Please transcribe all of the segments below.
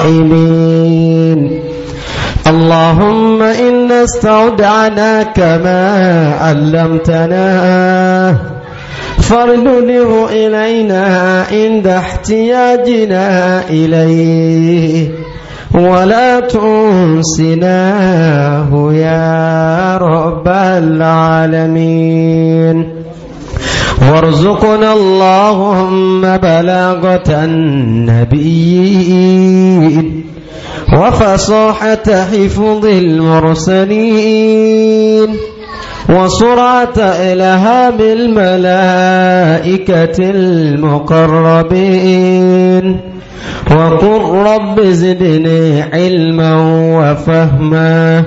الراحمين اللهم إنا استودعناك ما علمتنا فارنله إلينا عند احتياجنا إليه ولا تنسناه يا رب العالمين وارزقنا اللهم بلاغة النبيين وفصاحة حفظ المرسلين وسرعة إلهام الملائكة المقربين وقل رب زدني علما وفهما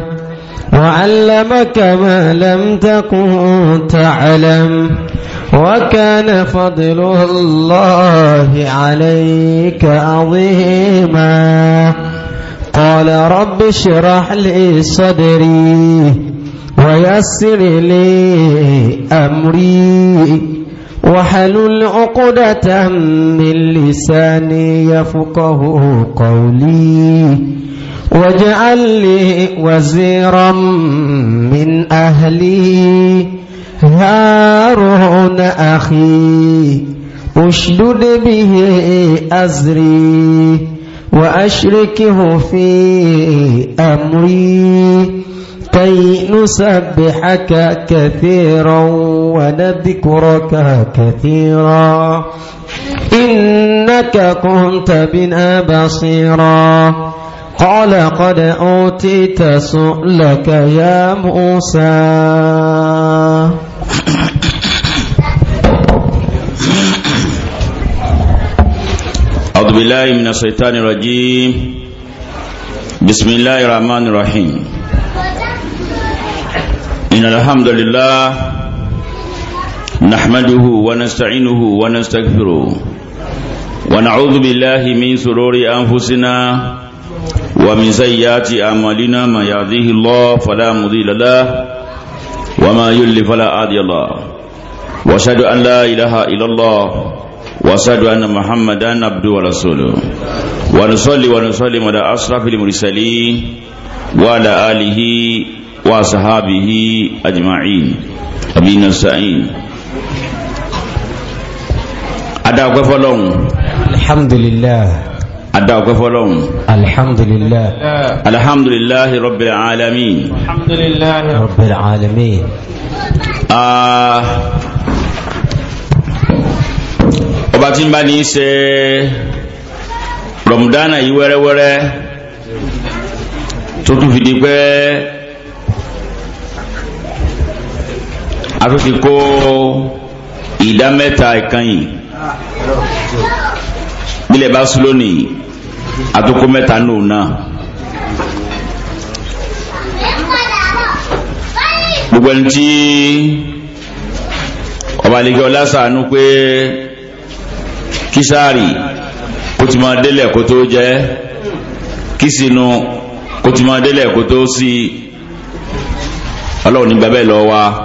وعلمك ما لم تكن تعلم وكان فضل الله عليك عظيما قال رب اشرح لي صدري ويسر لي أمري وحل عقدة من لساني يفقه قولي واجعل لي وزيرا من أهلي هارون أخي اشدد به أزري وأشركه في أمري كي نسبحك كثيرا ونذكرك كثيرا إنك كنت بنا بصيرا قال قد أوتيت سؤلك يا موسى أعوذ بالله من الشيطان الرجيم بسم الله الرحمن الرحيم إن الحمد لله نحمده ونستعينه ونستغفره ونعوذ بالله من سرور أنفسنا ومن سيئات أعمالنا ما يهديه الله فلا مضل له وما يل فلا هادي الله واشهد ان لا اله الا الله واشهد ان محمدا عبده ورسوله ونصلي ونصلي على اشرف المرسلين وعلى اله وصحابه اجمعين ابي نسعين ادعوك فلون الحمد لله adá ọgbẹ́ fọ́lọ́run alhamdulillah alhamdulillah rabbil alamin alhamdulillah rabbil alamin ọba tí ń bá ní ṣe rọmùdánà yí wẹ́rẹ́wẹ́rẹ́ tó tún fi di pé a tún fi kó ìdá mẹ́ta ìkànnì bílẹ̀ bá sùn lónìí àtúkò mẹ́ta nù náà gbogbo ẹni tí ọba àlejò pé kísáàrì kó ti máa délẹ̀ kó tó jẹ́ kísinu kó ti máa délẹ̀ kó tó sí ọlọ́run ní wa.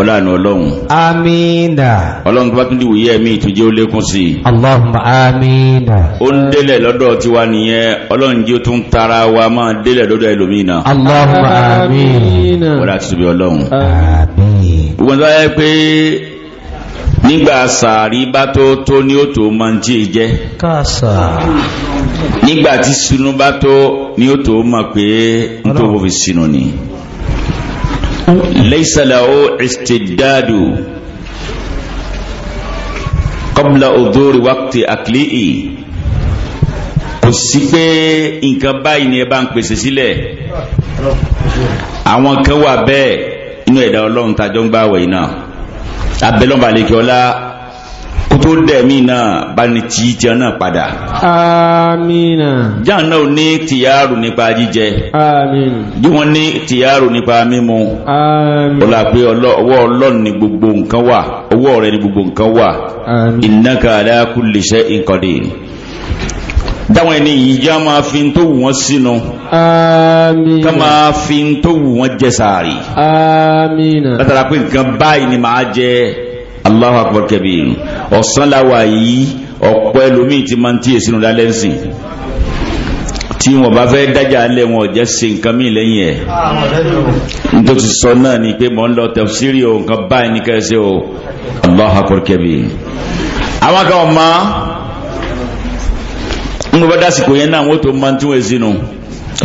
ọlá àná ọlọ́run amínà ọlọ́run tó bá tún dìwòye ẹ̀mí ìtújẹ́ ó lékún sí i allahumma amínà ó ń délẹ̀ lọ́dọ̀ tiwa nìyẹn ọlọ́run jí ó tún tara wa máa délẹ̀ lọ́dọ̀ ẹlòmínà allahumma amínà ọlá àti tóbi ọlọ́run àmín gbogbo nígbà yẹ pé bá tó tó ní ó tó máa jí jẹ́ nígbà tí sunu bá tó ní ó tó máa pé ń tó fòfin sinu ni lẹ́sàlàó ìstìdádù kọ́bùlà òdórí wákìtì àkìlíì kò sí pé nǹkan báyìí ni ẹ bá ń pèsè sílẹ̀ àwọn kan wà bẹ́ẹ̀ inú ẹ̀dá ọlọ́run tàjọ́ ń gbáwẹ̀ iná abẹ́lọ́mà lè kí ọlá kó tó dẹ̀mí náà bá ní tí tí ọ náà padà. amina. jáà náà ní tìyàrù nípa jíjẹ. amina. bí wọ́n ní tìyàrù nípa mímu. amina. ọlá pé ọwọ́ ọlọ́run ni gbogbo nǹkan wà ọwọ́ rẹ ni gbogbo nǹkan wà. amina. innaka ala kulli shay'in qadir dáwọn ẹni yìí já máa fi ń tó wù wọ́n sínú àmín ká máa fi ń tó wù wọ́n jẹ sàárì àmín látara pé nǹkan báyìí ni màá jẹ Allahu akbar kabir ọ̀sán làwà yìí ọ̀pọ̀ ẹlòmíì ti máa ń tíyè sínú lálẹ́ ńsìn tí wọn bá fẹ́ dájà lẹ́ wọn jẹ́ ṣe nǹkan mí lẹ́yìn ẹ̀ nítorí ti sọ náà ni pé mọ̀ ń lọ tafsiri o nǹkan báyìí ní kẹsẹ̀ o Allahu akbar kabir àwọn kan ọ̀ma ń bọ́ dásìkò yẹn náà wọ́n tó máa ń tún èsì nù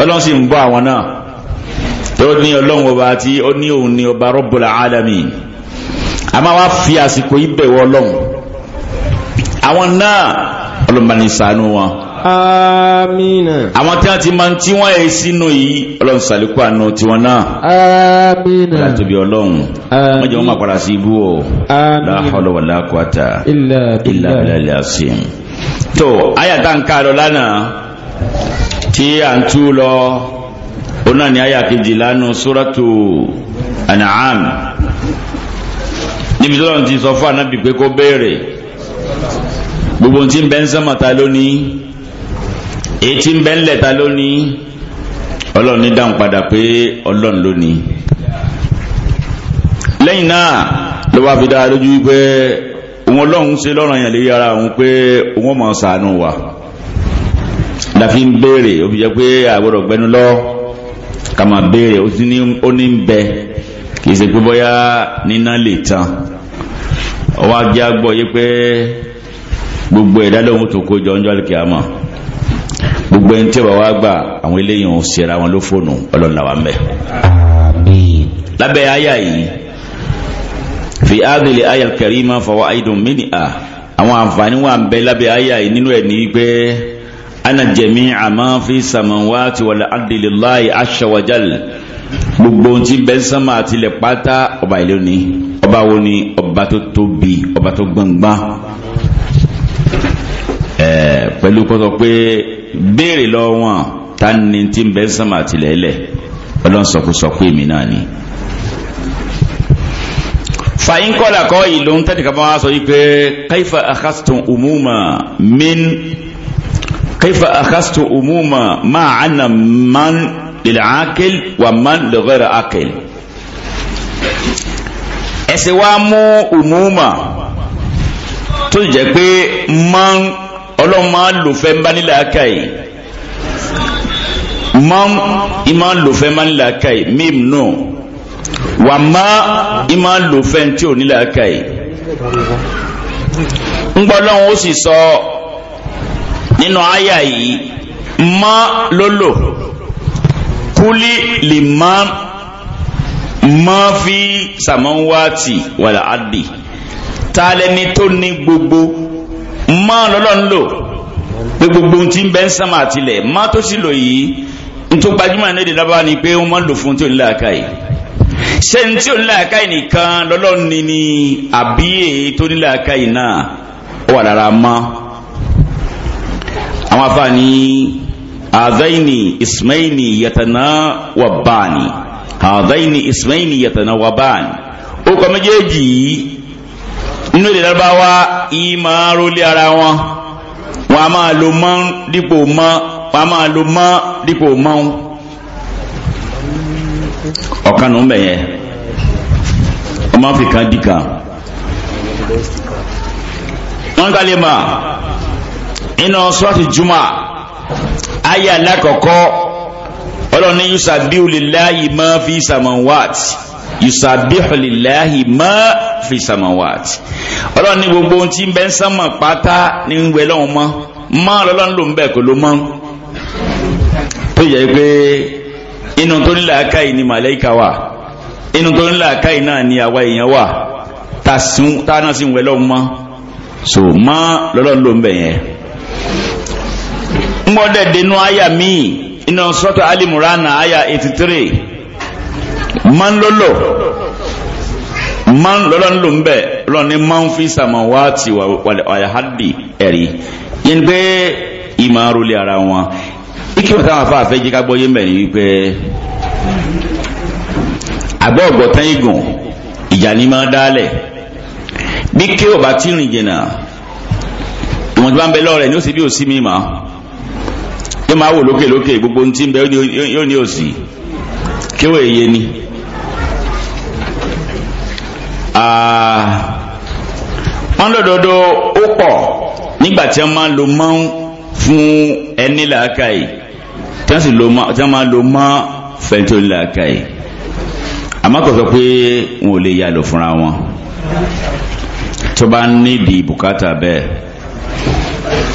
ọlọ́run sì ń bọ́ àwọn náà tó ní ọlọ́run ọba àti ó ní òun ní ọba Rabbul Alamin a máa wá fi àsìkò yìí bẹ̀wọ̀ ọlọ́run àwọn náà ọlọ́mọbaní ṣàánú wọn. amina. àwọn tí wọ́n ti máa ń tí wọ́n yẹ sínú yìí ọlọ́run sàlékún àánú tiwọn náà. amina. láti bí ọlọ́run. amina. wọ́n jẹ́ wọ́n máa padà sí ibú o. amina. la hawla wala quwata. illa illa bilal asim. tó ayàtà ń ká lánàá tí à ń tú lọ ó náà ní ayà kejìlá nù suratu an'am níbi tọ́lọ́run ti sọ fún anábì pé kó béèrè gbogbo tí ń bẹ ń sánmà ta lónìí èyí tí ń bẹ ń lẹ̀ ta lónìí ọlọ́run ní dáhùn padà pé ọlọ́run lónìí lẹ́yìn náà ló wá fi dára lójú wípé òun ọlọ́run ṣe lọ́rọ̀ yàn lérí ara òun pé òun ọmọ ṣàánú wa láfi ń béèrè ó fi jẹ́ pé àgbọ̀dọ̀ gbẹnu lọ ká máa béèrè ó ní ń bẹ kì í ṣe pé bóyá níná lè tán ọwọ́ ajé agbọ́ yé pé gbogbo ẹ̀dá lóhun tó kójọ ń jọ́lẹ̀ kíámà gbogbo ẹni tí ó bá wá gbà àwọn eléyìí ò ṣera wọn ló fóònù ọlọ́run làwọn mẹ́. lábẹ́ àyà yìí fi áàdìlẹ̀ àyà kẹrìmà fọwọ́ àìdùn mí ni à àwọn àǹfààní wà ń bẹ lábẹ́ àyà yìí nínú ẹ̀ ní pé ana jẹ̀mí àmọ́ fi sàmọ̀wá ti wọlé àdìlẹ̀ láì aṣọ wájálì gbogbo ohun tí bẹ́ẹ̀ sánmà àtilẹ̀ pátá ọba ìlú ni ọba wo ni ọba tó tóbi ọba tó gbọ̀ngbọ́n pẹ̀lú kọ́tọ̀ pé béèrè lọ wọn ta ni tí bẹ́ẹ̀ sánmà àtilẹ̀ lẹ̀ ọlọ́nsọkúsọkú èmi náà ni. fàyín kọ́lá kọ́ ìlú ń tẹ́tí kaba wá sọ yìí pé kaifa akhastum umuma min kaifa akhastum umuma máa ànà man lil'akil wa man li ghayri akil ẹ̀sìn wa mú umuma tó jẹ́ pé man ọlọ́run máa lò fẹ́ ń bá nílẹ̀ aka yìí man ìmá lò fẹ́ ń bá nílẹ̀ aka yìí mím nù wà má ìmá lò fẹ́ ń tí ò nílẹ̀ aka yìí ń gbọ́ ọlọ́run ó sì sọ nínú àyà yìí má lólò. Kuli lè má má fi sàmánwáàtì wàlà àdì ta lẹni tó ní gbogbo má lọ́lọ́ ń lò pé gbogbo tí ń bẹ ń sàmà àtìlẹ̀ má tó sì lò yìí nítorí gbajúmọ̀ lédè lábá ni pé wọ́n má lò fún tí ò ní làákà yìí ṣé ní tí ò ní làákà yìí nìkan lọ́lọ́ ni ni àbí tó ní làákà yìí náà ó wà lára mọ́ àwọn afáàní. هذين اسمين يتناوبان هذين اسمين يتناوبان ó kọ méjèèjì yìí nínú èdè lárúbáwá yìí máa rólé ara wọn wọn a máa lo mọ́ dípò mọ́ wọn a máa lo mọ́ dípò mọ́ ọ̀kan nù mẹ́yẹ wọ́n máa fi kan dì kan wọ́n kálẹ̀ mọ́ iná sọ́ọ̀tì jùmọ̀ ayé alákọ̀ọ́kọ́ ọlọ́ni yusabihu lillahi ma fi samawati yusabihu lillahi ma fi samawati ọlọ́ni gbogbo ohun tí ń bẹ ń sánmà pátá ní ń wẹ lọ́wọ́ mọ́ mọ́ ọlọ́ni ló ń bẹ̀ kó ló mọ́ tó yẹ pé inú tó nílà akáyì ni màlẹ́kà wà inú tó nílà akáyì náà ni àwa èèyàn wà tá a náà sì ń wẹ lọ́wọ́ mọ́ so mọ́ ọlọ́ni ló ń bẹ̀ yẹn. ngbọ́dẹ̀ dénú àyà míì iná sọ́tọ̀ alimurana àyà 83 man lọ́lọ́ man lọ́lọ́ ńlò ń bẹ̀ lọ́ni man fi samawati wàlẹ̀hádì ẹ̀rí yẹn pé ìmọ̀ arólé ara wọn ike wọn táwọn afáà fẹ́ ká gbọ́yé mẹ́rin wípé igun ìjà ní máa dálẹ̀ bí kéwọ̀ bá tí rìn jìnnà ìwọ̀n tó bá bẹ lọ́rẹ̀ ó sì bí sí yóò máa wò lókè lókè gbogbo ohun tí ń bẹ yóò ní òsì kéwò èyí ni. wọ́n lọ́dọọdọ ó pọ̀ nígbà tí wọ́n máa ń lo mọ́ún fún ẹni làákàyè tí wọ́n sì máa ń lo mọ́ fẹ́ntó làákàyè àmọ́ kò sọ pé wọn ò lè yà lò fúnra wọn tó bá ń nídìí bùkátà bẹ́ẹ̀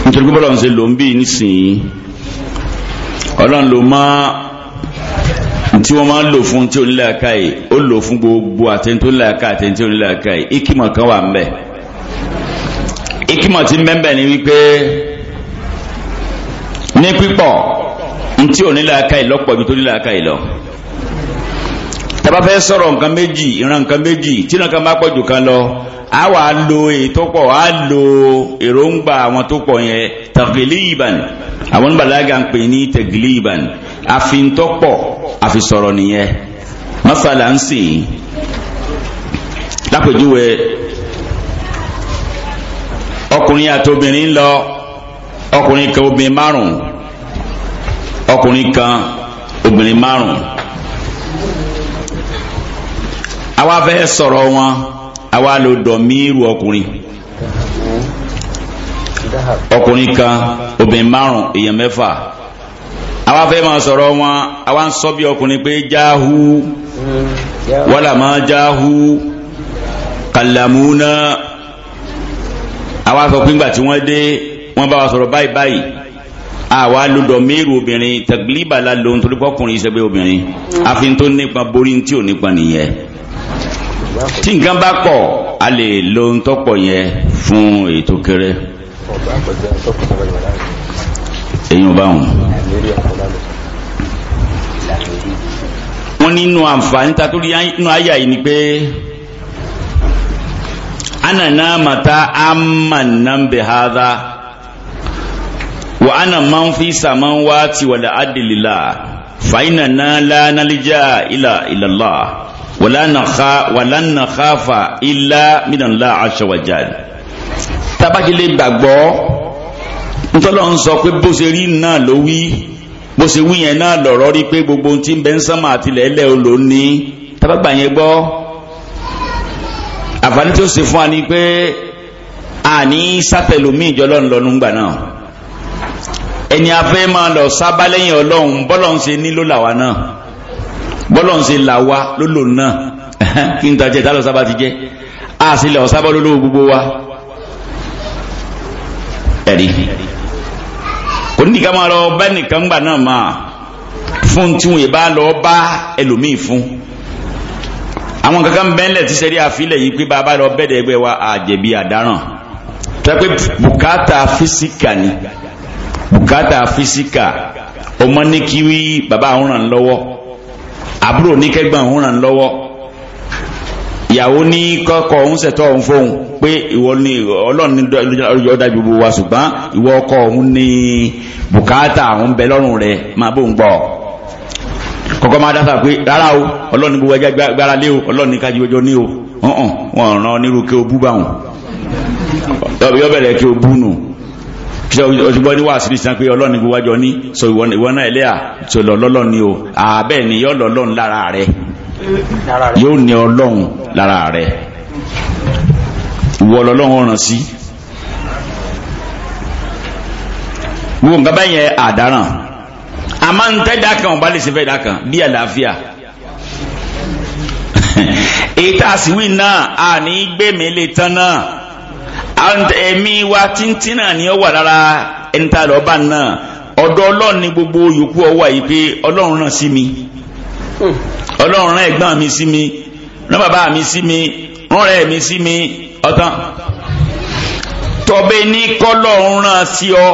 nítorí pé ń ṣe lò bí nísìnyí ọlọ́run ló máa tí wọ́n máa ń lò fún tí onílàáká yìí ó lò fún gbogbo àtẹ̀ntó nílàáká àtẹ̀ntó nílàáká yìí ikimọ̀ kan wà ńbẹ̀ ikimọ̀ tí mbẹ́mbẹ́ ni wípé ní pípọ̀ ntí onílàáká yìí lọ́pọ̀ ju tó nílàáká yìí lọ tàbá fẹ́ sọ̀rọ̀ nǹkan méjì ìran nǹkan méjì tí nǹkan bá pọ̀ jù kan lọ a wà lo èyí tó pọ̀ a lo èròǹgbà àwọn tó pọ̀ yẹn tagiliban àwọn oníbàlágà ń pè ní tagiliban àfintọ́pọ̀ àfisọ̀rọ̀ nìyẹn masala ń sìn lápèjúwe ọkùnrin àti obìnrin lọ ọkùnrin kan obìnrin márùn ọkùnrin kan obìnrin márùn àwa fẹ́ sọ̀rọ̀ wọn àwa ló dọ̀míìrù ọkùnrin ọkùnrin kan obìnrin márùn èèyàn mẹ́fà àwa fẹ́ máa sọ̀rọ̀ wọn àwa ń sọ bí ọkùnrin pé jáhu wàlà máa jáhu kàlàmúnà àwa sọ pé ńgbà tí wọ́n dé wọ́n bá wa sọ̀rọ̀ báyìí báyìí àwa ló dọ̀míìrù obìnrin tẹ̀gbìlì bàlá lòun torí pọ́kùnrin ìṣẹ́gbẹ́ obìnrin àfi tó nípa borí tí ò nípa nìyẹn tí nǹkan bá pọ̀ a lè lo ohun tó pọ̀ yẹn fún ètò kéré èyí ò bá wọn. wọ́n nínú àǹfààní ta torí inú àyà yìí ni pé ana náà mata amànàmbè hádà wa ana máa ń fi sàmán wá tiwàlẹ̀ adìlélà fàyínà náà lánàlíjà ìlà ìlàlá wàlánà káfà ilá mìnàlá aṣọwàjà tabakilé gbàgbọ́ ntọ́lọ́ ń sọ pé bó ṣe rí náà ló wí bó ṣe wí yẹn náà lọ̀rọ̀ rí pé gbogbo ohun tí ń bẹ ń sánmà àti lẹ́lẹ́ o lò ní tabagbà yẹn gbọ́ àǹfààní tí ó ṣe fún wa ni pé àní sátẹlómi ìjọlọ́ ńlọnu gbà náà ẹni afẹ́ máa lọ sábà lẹ́yìn ọlọ́run bọ́lọ́run ṣe nílò làwa náà bọ́lọ̀ ń ṣe là wa lólò náà kí n tajẹ́ tálọ́ sábà ti jẹ́ a sì lọ sábà lólò gbogbo wa ẹ̀rí kò ní ká máa lọ bá nìkan gbà náà máa fún tí wọn bá lọ bá ẹlòmíì fún àwọn kankan bẹ́ńlẹ̀ ti sẹ́rí àfilẹ̀ yìí pé bàbá lọ bẹ́ẹ̀ dẹ́gbẹ́ wa àjẹ̀bí àdáràn tẹ́pẹ́ bùkátà físíkà ni bùkátà físíkà ọmọ ní kí bàbá àwọn ràn lọ́wọ́ àbúrò ní kẹ́gbọ́n òun ràn lọ́wọ́ ìyàwó ní kọ́kọ́ òun ṣètò òun fóun pé ìwọ ni ọlọ́run ní ọjọ́ dájú gbogbo wa ṣùgbọ́n ìwọ ọkọ òun ní bùkátà òun bẹ lọ́rùn rẹ̀ máa bóun gbọ́ kọ́kọ́ máa dáta pé rárá o ọlọ́run ní gbogbo ẹgbẹ́ gbára lé o ọlọ́run ní kájú ọjọ́ ní o wọ́n ràn onírúkẹ́ o bú báwọn yọ bẹ̀rẹ̀ kí o bú nù ṣe òṣùgbọ́ ní wàásù ní sinapé ọlọ́run gbogbo wájọ ní so ìwọ náà ẹlẹ́à tó lọ lọ́lọ́run o àbẹ́ ni yóò lọ lọ́run lára rẹ yóò ní ọlọ́run lára rẹ ìwọ lọ́lọ́run ọ̀ràn sí. gbogbo nǹkan báyìí yẹn àdáràn a máa ń tẹ́ dákan ọba lè ṣe fẹ́ dákan bí àlàáfíà èyí tá a sì wí náà a ní gbèmí lè tán náà. ẹ̀mí wa tíntín náà ni ó wà lára ẹni tá a lọ bá náà ọ̀dọ̀ ọlọ́run ni gbogbo yòókù ọwọ́ yìí pé ràn sí mi hmm. ọlọ́run ràn ẹ̀gbọ́n mi sí mi rán bàbá mi sí mi rán rẹ̀ mi sí mi ọ̀tán tọ́bẹ̀ ní kọ́lọ́run sí ọ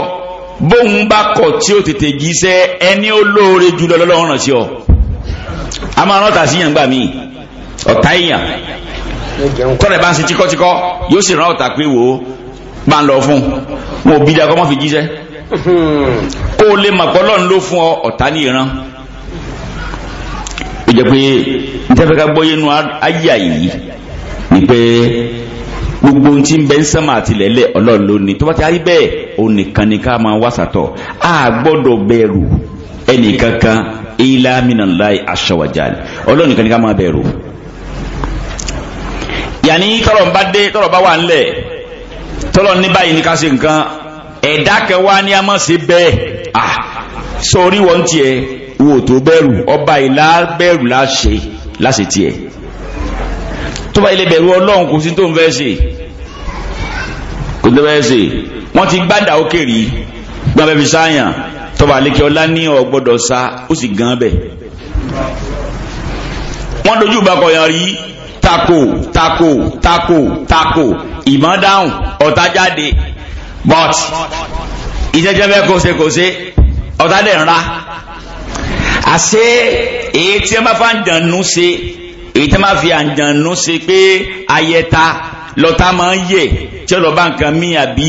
bóun bá kọ̀ tí ó tètè jíṣẹ́ ẹni ọ tọ́lẹ̀ bá ń ṣe tíkọ́tíkọ́ yóò sì rán ọ̀tà pé wò ó bá ń lọ fún un wọn ò bí dá kọ́mọ́ fi jíṣẹ́ kó o lè mọ̀ pé ọlọ́run ló fún ọ ọ̀tá ní ìran ó jẹ́ pé nítorí gbọ́yé nu ayé yìí ni pé gbogbo ohun tí ń bẹ ń sánmà àtìlẹ́lẹ̀ ọlọ́run ló ní tó bá ti rí bẹ́ẹ̀ òun nìkan ni ká máa wá sàtọ̀ a gbọ́dọ̀ bẹ̀rù ẹnì kankan ilaminalayi aṣọwájà ọlọ́run nìkan ni ká máa bẹ̀rù yàní tọrọ ń bá dé tọrọ bá wà ńlẹ̀ tọrọ ní báyìí ní ká ṣe nǹkan ẹ̀dá kẹwàá ni a mọ̀ sí bẹ́ẹ̀ à sórí wọn tiẹ̀ wò tó bẹ̀rù ọba ìlà bẹ̀rù láṣẹ láṣẹ tiẹ̀ tó bá ilé bẹ̀rù ọlọ́run kò sí tó ń fẹ́ ṣe kò tó fẹ́ ṣe wọ́n ti gbádà òkè gbọ́n bẹ́ẹ̀ fi sáyàn tọ́ba àlékè ọlá ní ọ̀gbọ́dọ̀ sa ó sì gan bẹ́ẹ̀ wọ́n dojú bá kọyàn rí tako tako tako tako ìmọ̀ dáhùn ọ̀tá jáde but ìjẹ́jẹ́ bẹ́ẹ̀ kò ṣe kò ṣe ọ̀tá dẹ̀ ń ra àṣé èyí tí wọ́n bá fa ń dànù ṣe èyí tí wọ́n bá fi àǹdànù ṣe pé ayẹta lọ́tà máa ń yẹ tí ọ̀rọ̀ bá nǹkan mí àbí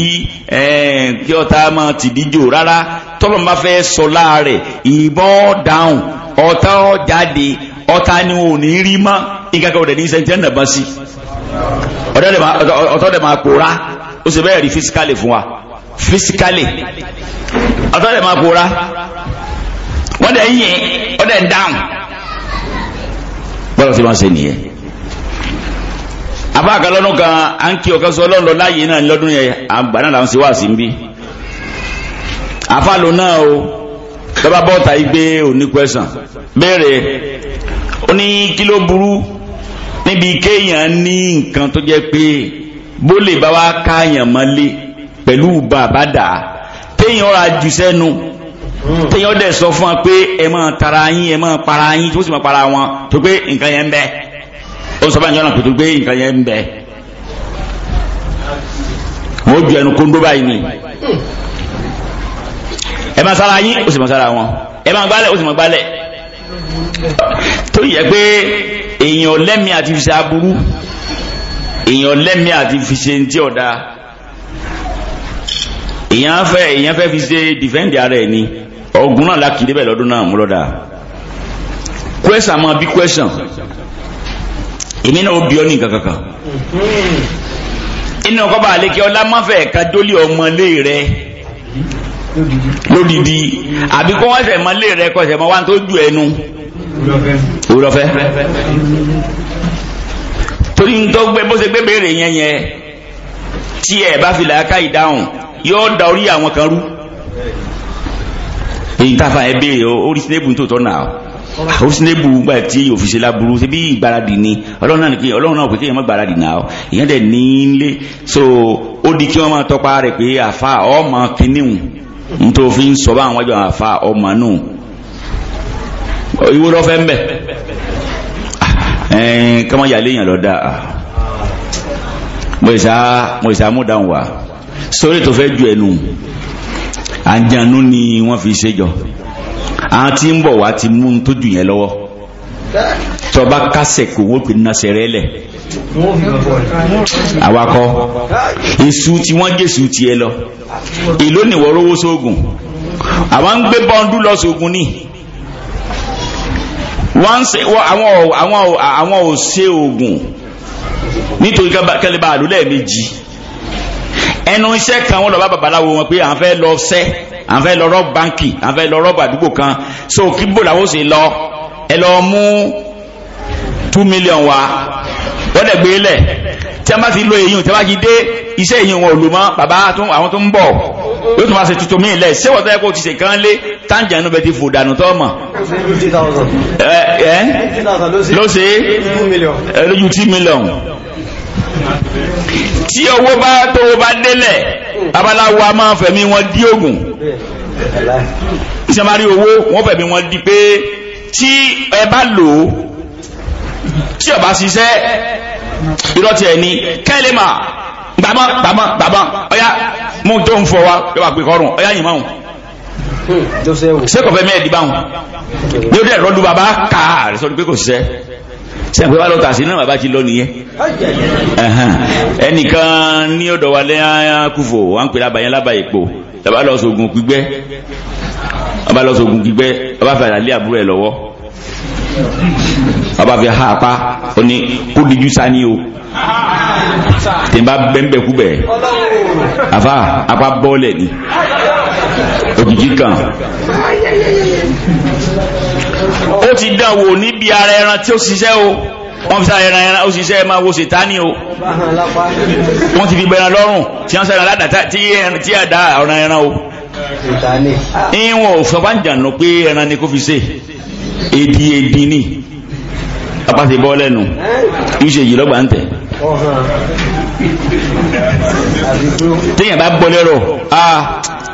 kí ọ̀tá máa ti díjò rárá tọ́lọ́ máa fẹ́ sọ láàrẹ̀ ìbọn dáhùn ọ̀tá jáde ọ̀tá ni wọn ò ní rí mọ́ nǹkan kan ò dẹ̀ ní sẹ́ńtẹ́ ń dàbọ̀ sí ọ̀tọ́ dẹ̀ máa pòórá ó sì bẹ́ẹ̀ rí fisikálì fún wa fisikálì ọ̀tọ́ dẹ̀ máa pòórá wọ́n dẹ̀ ń yìn wọ́n dẹ̀ ń dáhùn bọ́lá tí wọ́n ṣe nìyẹn abáàkà lọ́nà kan à ń kí ọ̀kan sọ ọlọ́run láàyè náà lọ́dún yẹn àgbà náà là ń ṣe wá sí bí àfàlù náà o lọ́ba bọ́ọ̀tà yìí gbé òní kwẹ́sàn béèrè ó ní kí ló burú níbi kéèyàn ní nǹkan tó jẹ́ pé bó lè bá wá káàyàn mọ́lé pẹ̀lú bàbá dà téèyàn ọ̀rà jù sẹ́nu téèyàn dẹ̀ sọ fún wa pé ẹ máa tara yín ẹ máa para yín tó sì máa para wọn tó pé nǹkan yẹn ń bẹ ó sọ báyìí ọ̀nà pẹ̀lú pé nǹkan yẹn ń bẹ wọ́n ju ẹnu kóńdó báyìí ni ẹ máa sára yín ó sì máa sára wọn ẹ máa gbálẹ̀ ó sì máa gbálẹ̀ tó yẹ pé èèyàn lẹ́mìí àti fi ṣe aburú èèyàn lẹ́mìí àti fi ṣe ní tí ọ̀dà èèyàn fẹ́ èèyàn fẹ́ fi ṣe dìfẹ́ǹdì ara ẹ̀ ni ọ̀gùn náà lákìdé bẹ̀ lọ́dún náà mú lọ́dà kwẹ́sàn máa bí kwẹ́sàn èmi náà ó bí ọ ní nǹkan kankan inú ọkọ̀ bá àlékè ọlá máfẹ̀ẹ́ kájólì ọmọlé rẹ lódìdí àbí kó wọ́n sẹ̀ mọ́ lé rẹ kọ́ sẹ̀ mọ́ wá tó ju ẹnu òwúrọ̀fẹ́ torí ń tó gbé bó ṣe gbé béèrè yẹn yẹn tí ẹ bá fi làákà ìdáhùn yóò da orí àwọn kan rú èyí táfà ẹ béèrè orí sinébù tó tọ́ nà ó sinébù gbà tí yóò láburú ṣe bí ìgbáradì ni ọlọ́run náà nìkan ọlọ́run náà pé kéèyàn má gbáradì nà ó ìyẹn dẹ̀ ní í lé so ó di kí wọ́n máa tọpa rẹ̀ pé àfa ọ́ máa ntòfin sọba àwọn àjọ àfa ọmọ nù ìwé lọ́fẹ́ ń bẹ̀ ẹ̀ẹ́n kama yàlẹ́ yàn lọ́dà mo ìsà mú dáhùn wá sórí tó fẹ́ ju ẹnu àjànú ni wọ́n fi ṣèjọ àwọn tí ń bọ̀ wá ti mú un tó jù yẹn lọ́wọ́ tọba kásẹ̀ kò wó pé násẹ̀ àwakọ̀ èsù tí wọ́n jésù ti ẹ lọ èló nìwọ̀ rówó sóògùn àwọn ń gbé bọ́ndú lọ sóògùn ní àwọn ò ṣe oògùn nítorí kẹlẹ́bà àlúlẹ̀ méjì ẹnu iṣẹ́ kan wọ́n lọ bá babaláwo wọn pé à ń fẹ́ lọ sẹ́ à ń fẹ́ lọ rọ́ báńkì à ń fẹ́ lọ rọ́bù àdúgbò kan so kí bò làwọn ò ṣe lọ ẹ lọ mú two million wa wọ́n dẹ̀ gbé lẹ̀ tí a bá ti lo èyàn tí a bá ti dé iṣẹ́ èyàn wọn ò lò mọ́ bàbá àwọn tó ń bọ̀ yóò tún máa ṣe tuntun míì lẹ̀ ṣé wọ́n tẹ́ kó ti ṣe kán lé táǹjà inú bẹ ti fò dànù tọ́ mọ̀. ẹ ẹ ló ṣe é lójú tí mílíọ̀nù tí owó bá tó o bá délẹ̀ babaláwo a máa fẹ̀mí wọn dí ògùn tí a máa rí owó wọ́n fẹ̀mí wọn di pé tí ẹ bá lò ó tí ọba ṣiṣẹ́ irọ́ tiẹ̀ ni kẹ́lẹ́ mà gbàmọ́ gbàmọ́ gbàmọ́ ọ̀yá mú tó ń fọ wa yóò wá pé kọ́rùn ọ̀yá yìí máa ṣé kò fẹ́ mẹ́ẹ̀ di báwọn ní orí ẹ̀rọ lu bàbá kà á rẹ̀ sọ́ni pé kò ṣiṣẹ́ ṣe àpẹwà lọ tàṣí náà bàbá ti lọ nìyẹn ẹnìkan ní ọ̀dọ̀ wa lẹ́yìn kúfò wọ́n ń pè lábàyẹn lábàyẹ̀ pò tàbá lọ sógun gbígbẹ́ ọba lọ sógun gbígbẹ́ ọba fàdà lé àbúrò ẹ̀ lọ́wọ́ bàbá fi ha apá ó ní kó dijú sani o tí n bá bẹ́ńbẹ́ kú bẹ́ẹ̀ àfa apá bọ́ọ̀lẹ̀ ni òjijì kan ó ti dán wò níbi ara ẹran tí ó ṣiṣẹ́ o wọ́n fi sára ẹran ẹran ó ṣiṣẹ́ máa wo ṣètánì o wọ́n ti fi bẹ̀rẹ̀ lọ́rùn tí wọ́n sára ládàá tí a dá ọ̀ràn ẹran o ìwọ̀n ò fọwọ́ jànú pé ẹran ni kò fi ṣe èdè èdè ni apáṣe bọ́ lẹ́nu ìṣe yìí lọ́gbà ń tẹ̀ téèyàn bá bọ́ lẹ́rọ̀ a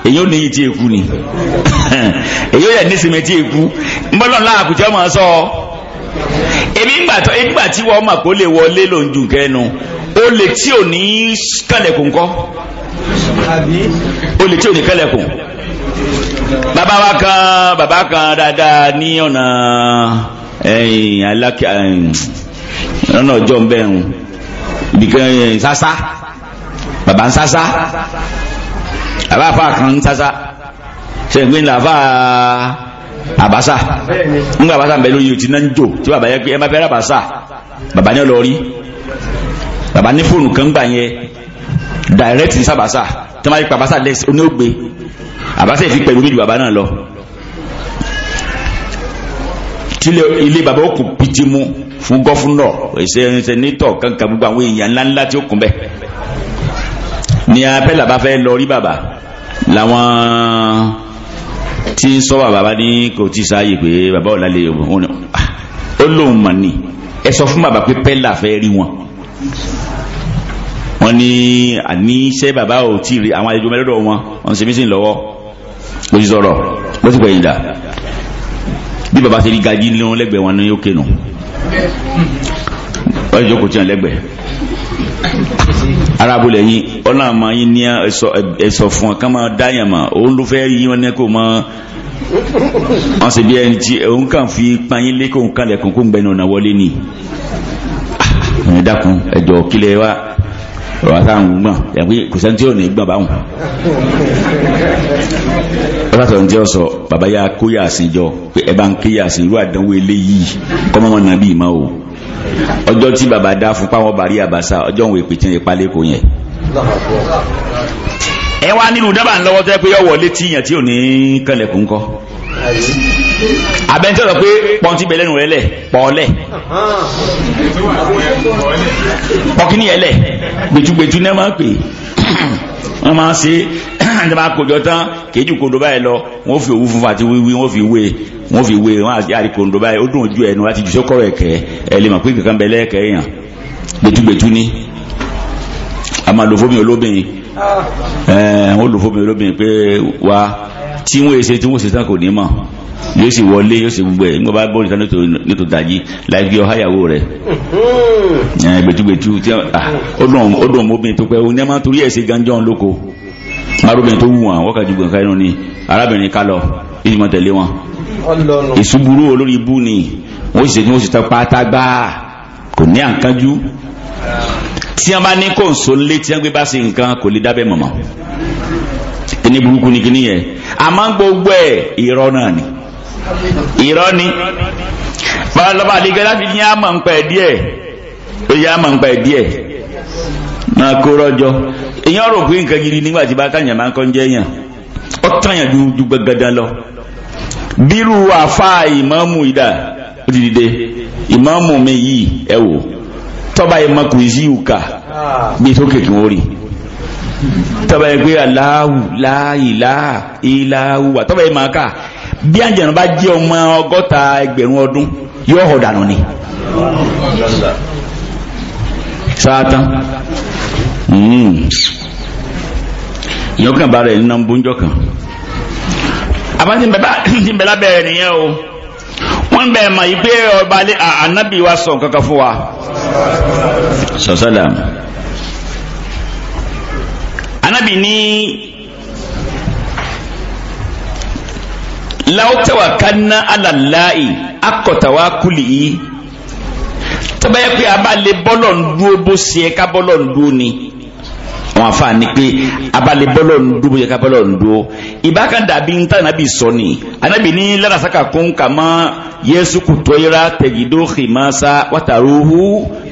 èyí ò níyì tí èkú ni èyí ò yẹ ní sinmi tí èkú mbọ́lọ́ ńlá àkùtì ọmọ sọ èmi ńgbà tí wọ́n mà kó lè wọlé ló ń dùn kẹ́nu ó lè tí ò ní kálẹ̀kùn kọ́ ó lè tí ò ní kálẹ̀kùn bàbá wa kan bàbá kan dáadáa ní ọ̀nà ẹ̀yìn alákẹ́ ọ̀nà ọjọ́ ń bẹ̀rùn ibìkan ẹ̀yìn sasa, bàbá ń sásá bàbá àfà kan ń sásá ṣe ń pè ní àfà àbásà ń gbà àbásà ń bẹ lórí òtí náà ń jò tí bàbá yẹ pé ẹ bá fẹ́ rábàásà bàbá ní ọlọ́rí bàbá ní fóònù kan gbà yẹn direct ní sábàásà tí wọ́n bá yí pàbásà lẹ́sẹ̀ oníògbé àbásà ìfi pẹ̀lú bí ju bàbá náà lọ tí ilé baba ó kún pitimu fún gọ́fúnọ̀ èsè ẹnitọ́ kankan gbogbo àwọn èèyàn ńláńlá tí ó kún bẹ́ẹ̀ ní abẹ́ làbá fẹ́ lọ baba làwọn tí ń sọ baba ní kò tí sáàyè pé baba ò lálẹ́ òun ó lóun mà ní ẹ sọ fún baba pé pẹ́lá fẹ́ rí wọn wọ́n ní àníṣe baba ò tí rí àwọn àlejò mẹ́lẹ́dọ̀ wọn wọ́n ń ṣe mí sí lọ́wọ́ ti sọ̀rọ̀ ló ti gbẹ̀yìn dà bí baba ṣe rí gají ní wọn lẹ́gbẹ̀ẹ́ wọn ní yókè nù wọ́n ti jókòó tiẹ̀ lẹ́gbẹ̀ẹ́ arabu lẹ́yìn ọ̀là máa yín ní ẹ̀sọ̀ fún ọ ká máa dá yàn mà òun ló fẹ́ yí wọn ní kó máa wọn sì bí ẹni tí òun kàn fi pààyàn lé kóun kalẹ̀ kó ń gbẹ́nu ọ̀nà wọlé ni ah, ẹ̀dá kan ẹ̀jọ̀ kílẹ̀ wa ọ̀rọ̀ àtàwọn gbọ̀n ẹ̀kú kò sẹ́ni tí ò ní gbọ̀n báwọn. ọlọ́tọ̀ ní tí ó sọ bàbá yà kó yà sí jọ pé ẹ bá ń ké yà sí irú àdánwò eléyìí kọ́mọ́ wọn nàbí ìmọ̀ o ọjọ́ tí bàbá dá fún páwọn bàrí àbáṣà ọjọ́ òun èpè tí ń palẹ́ kò yẹn. ẹ wá nínú dábàá ńlọ́wọ́ tẹ́ pé ọwọ́ létí yẹn tí ò ní kànlẹ̀kùn kọ́ abẹ́ntẹ́ ọ̀rọ̀ pé pọ́ntí bẹ̀lẹ́nu rẹ̀ lẹ̀ pọ̀ọ́lẹ̀ pọ́kíní ẹ̀lẹ̀ gbẹ̀tugbẹ̀tu náà máa pè wọ́n máa ṣe ẹ̀jẹ̀ máa kójọ tán kéjù kóńdó báyìí lọ wọ́n fi òwú funfun àti wíwí wọ́n fi wé wọ́n fi wé wọ́n àti àrí kóńdó báyìí ó dùn ojú ẹnu láti jù sókòrò ẹ̀kẹ́ ẹ̀ lè mọ̀ pé kankan bẹ̀ lẹ́ẹ̀kẹ́ yàn gbẹ̀tugbẹ̀tu ni a máa lò fómi olóbìnrin ẹ̀ wọ́n lò fómi olóbìnrin pé wa tí wọ́n èsè tí wọ́n èsè tán kò ní mọ̀ yóò sì wọlé yóò sì gbogbo ẹ̀ nígbà bá bọ́ọ̀lù tán nítorí dàjí láì gbé ọ̀háyàwó rẹ̀ mm-hmm. gbẹtugbẹtu tí ah, ó dùn mọ́bìnrin tó pẹ́ ó ní a máa torí ẹ̀ sí ganjọ́ lóko arúgbìn tó wù wọn wọ́n kàjú gbọ̀ǹkà inú ni arábìnrin ká lọ ìjùmọ̀ tẹ̀lé wọn ìṣubúrú olórí ibú ni wọ́n sì ṣe kí wọ́n sì tán pátá gbáà kò ní àǹkánjú tí a bá ní kò ń so lé tí a gbé bá sí nǹkan kò lè dábẹ́ mọ̀mọ́ kíní burúkú ni kíní yẹn àmọ́ gbogbo ẹ̀ irọ́ irọ́ ni balọba àdìgẹ fi ní àmọ ń pẹ díẹ̀ ó yẹ àmọ ń pẹ díẹ̀ máa kó rọjò èyàn rò pé nǹkan gidi bá káyàn máa ń kọ́ yàn ó tàyàn ju ju gbẹgẹdẹ lọ bírú àfa ìdá ó ti dìde mi yìí ẹ wò tọ́ba yẹn máa kù sí bí wọ́n rí tọ́ba bí àjẹ̀nù bá jẹ́ ọmọ ọgọ́ta ẹgbẹ̀rún ọdún yóò họ̀ dànù ni sáátán hmm. yọkàn bá nínú bóńjọ kan àbájáde ń bẹ lábẹ́ nìyẹn o wọ́n bẹ̀ mọ̀ yìí pé ọba wa sọ kankan fún wa láwùtẹ̀wà kanna alàláì akọ̀tàwà kùlì yìí tọ́ba yẹ pé a bá lè bọ́lọ̀ ń dúró bó ṣe é ká bọ́lọ̀ ń dúró ni àwọn afa ni pé a bá lè bọ́lọ̀ ń dúró bó ṣe ká bọ́lọ̀ ń dúró ìbá kan dàbí ń tàn àbí sọ ni anábì ní lárasàkà kún kà mọ́ yéésù kùtò yẹra tẹ̀gídó xìmọ́sá wàtàrúhu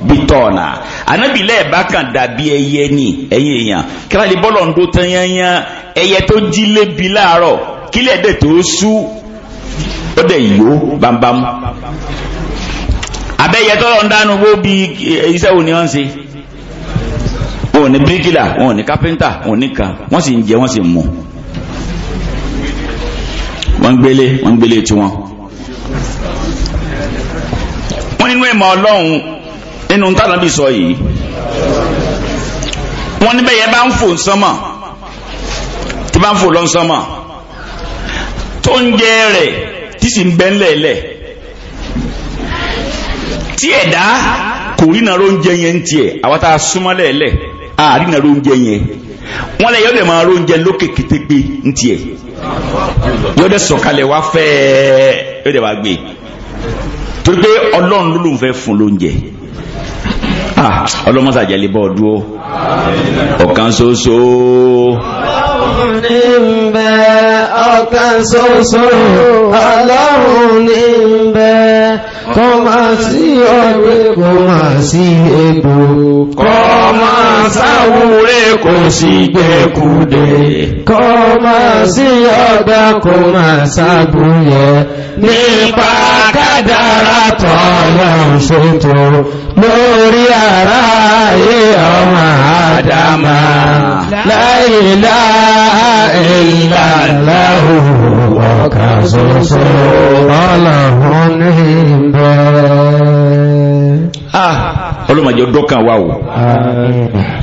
bitọ́ọ̀nà anábì lẹ́ẹ̀bá dàbí ẹyẹ ni ẹ̀yìn èèyàn kí bọ́lọ̀ ń dúró tán ẹyẹ tó jí lébi láàárọ̀ kílẹ̀ dẹ̀ tó sú ó dẹ̀ yó bámbám abẹ́yẹ tọ́lọ̀ ń dánú bó bí iṣẹ́ òní wọ́n ṣe wọn ò ní bíríkìlà wọn ò ní kápẹ́ńtà wọn ò ní kan wọ́n sì ń jẹ wọ́n sì ń mu wọ́n gbélé wọ́n gbélé tiwọn. wọ́n nínú ìmọ̀ ọlọ́run nínú ntàlá bí sọ yìí wọ́n níbẹ̀ yẹn bá ń fò sánmọ̀ tí bá ń fò lọ sánmọ̀ tó ń jẹ rẹ̀ tí sì ń bẹ́ ńlẹ̀ẹ́lẹ̀ tí ẹ̀dá kò rí nàró yẹn ń tiẹ̀ a súnmọ́ na àárín nje nye yẹn ma lẹ yọ́dẹ̀ máa ró yode lókè kétégbé ń tiẹ̀ yọ́dẹ̀ sọ̀kalẹ̀ wá fẹ́ẹ́ wá gbé torí pé ọlọ́run ló lóun fẹ́ fún lóúnjẹ ah, lè bọ́ ọdún ọ̀kan ṣoṣo. níbẹ̀ ọ̀kan ṣoṣo ọlọ́run níbẹ̀ kò máa sí ọ̀gbẹ́ kò máa sí egbò kò máa sáwúré kò sí gbẹ̀kúdé kò máa sí ọ̀gbà kò máa sábúyẹ nípa kádàrá tọ́lá ṣètò lórí ara ayé ọmọ àdámà láìlá ìlàláhù ọ̀kà ṣoṣo ọlọ́run ní ìbẹ̀ olùmọ̀jọ́ dọ́kàn wà ó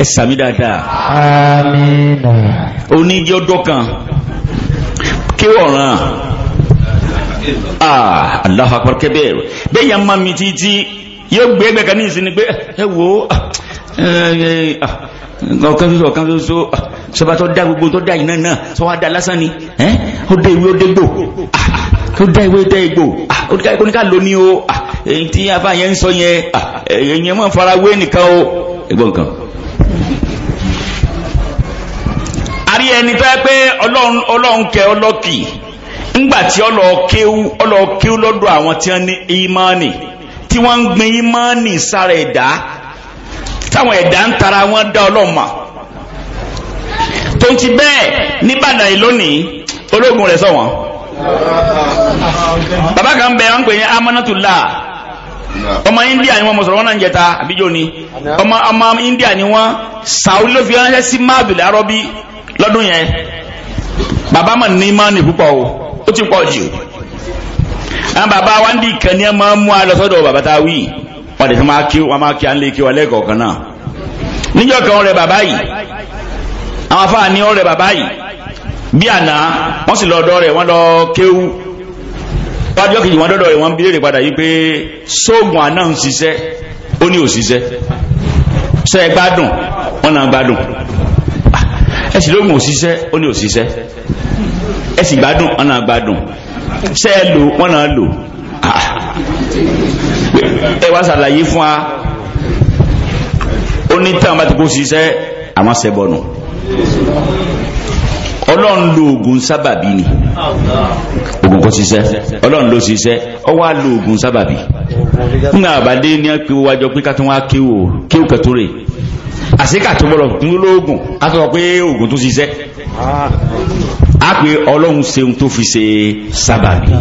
ẹ̀sàmì dáadáa oníjọ́ dọ́kàn kí wọ́n ràn ah Allahu Akbar kabir bẹ́ẹ̀ yẹn máa mi títí yóò gbé ẹgbẹ́ kan ní ìsinmi pé ẹ wo ah, eh, eh, ah, ọ̀kan ṣoṣo ọ̀kan ṣoṣo sọba ah, tó dá gbogbo tó dá iná náà sọ wá dá lásán ni ó O ìwé ó dé gbò ó dá ìwé O gbò ó ní ká lò ní o èyí tí afa yẹn ń sọ yẹn èyí mọ̀ fara wé nìkan o ẹgbọ́n nǹkan. a rí ẹni tó yẹ pé ọlọ́run kẹ ńgbàtí ti lọ́dọ̀ àwọn tí wọ́n ní ìmánì tí wọ́n ń gbin imani sára ẹ̀dá táwọn ẹ̀dá ń tara wọn dá ọlọ́mà tó ń ti bẹ́ẹ̀ ní Ìbàdàn lónìí ológun rẹ̀ sọ̀wọ́n bàbá kan bẹ wọn pè é amanatula ọmọ India ni wọn mọ wọn náà ń jẹta ni ọmọ India ni wọn sàwùlí ló fi ránṣẹ́ sí máàbìlì arọ́bí lọ́dún yẹn bàbá mà ní púpọ̀ o. ó ti pọ̀ jù àwọn bàbá wa ń di ìkànnì ẹ̀ máa ń mú alọ́sọ́dọ̀ bàbá tá a wí wọ́n ti máa kí wọ́n máa kí à ń lè kí wọ́n lẹ́kọ̀ọ́ kan náà níjọ́ kan ọ̀rẹ́ bàbá yìí àwọn afáà ní ọ̀rẹ́ bàbá yìí bí àná wọ́n sì lọ ọ̀dọ̀ rẹ̀ wọ́n lọ kéwú wájọ́ kìí wọ́n dọ́dọ̀ rẹ̀ wọ́n bí padà yìí pé sóògùn àná ń ṣiṣẹ́ ó ní òṣìṣẹ́ ṣe é gbádùn wọ́n náà gbádùn ah, ẹ sì lóògùn òṣìṣẹ́ ó ní òṣìṣẹ́ ẹ sì gbádùn wọn náà gbádùn ṣe é lò wọn náà lò ah. ẹ wá ṣàlàyé fún wa ó ní tí àwọn bá ti kó ṣiṣẹ́ àwọn ṣẹbọnù ọlọ́run lo oògùn sábàbí ni oògùn kò ṣiṣẹ́ ọlọ́run ló ṣiṣẹ́ ọ wá lo oògùn sábàbí nígbà àbádé ní pé wájọ pé ká tó wá kéwò kéwò kẹtó rè àṣíkà tó bọ̀rọ̀ tún lóògùn á sọ pé oògùn tó ṣiṣẹ́ a pé ọlọ́run seun tó fi ṣe sábàbí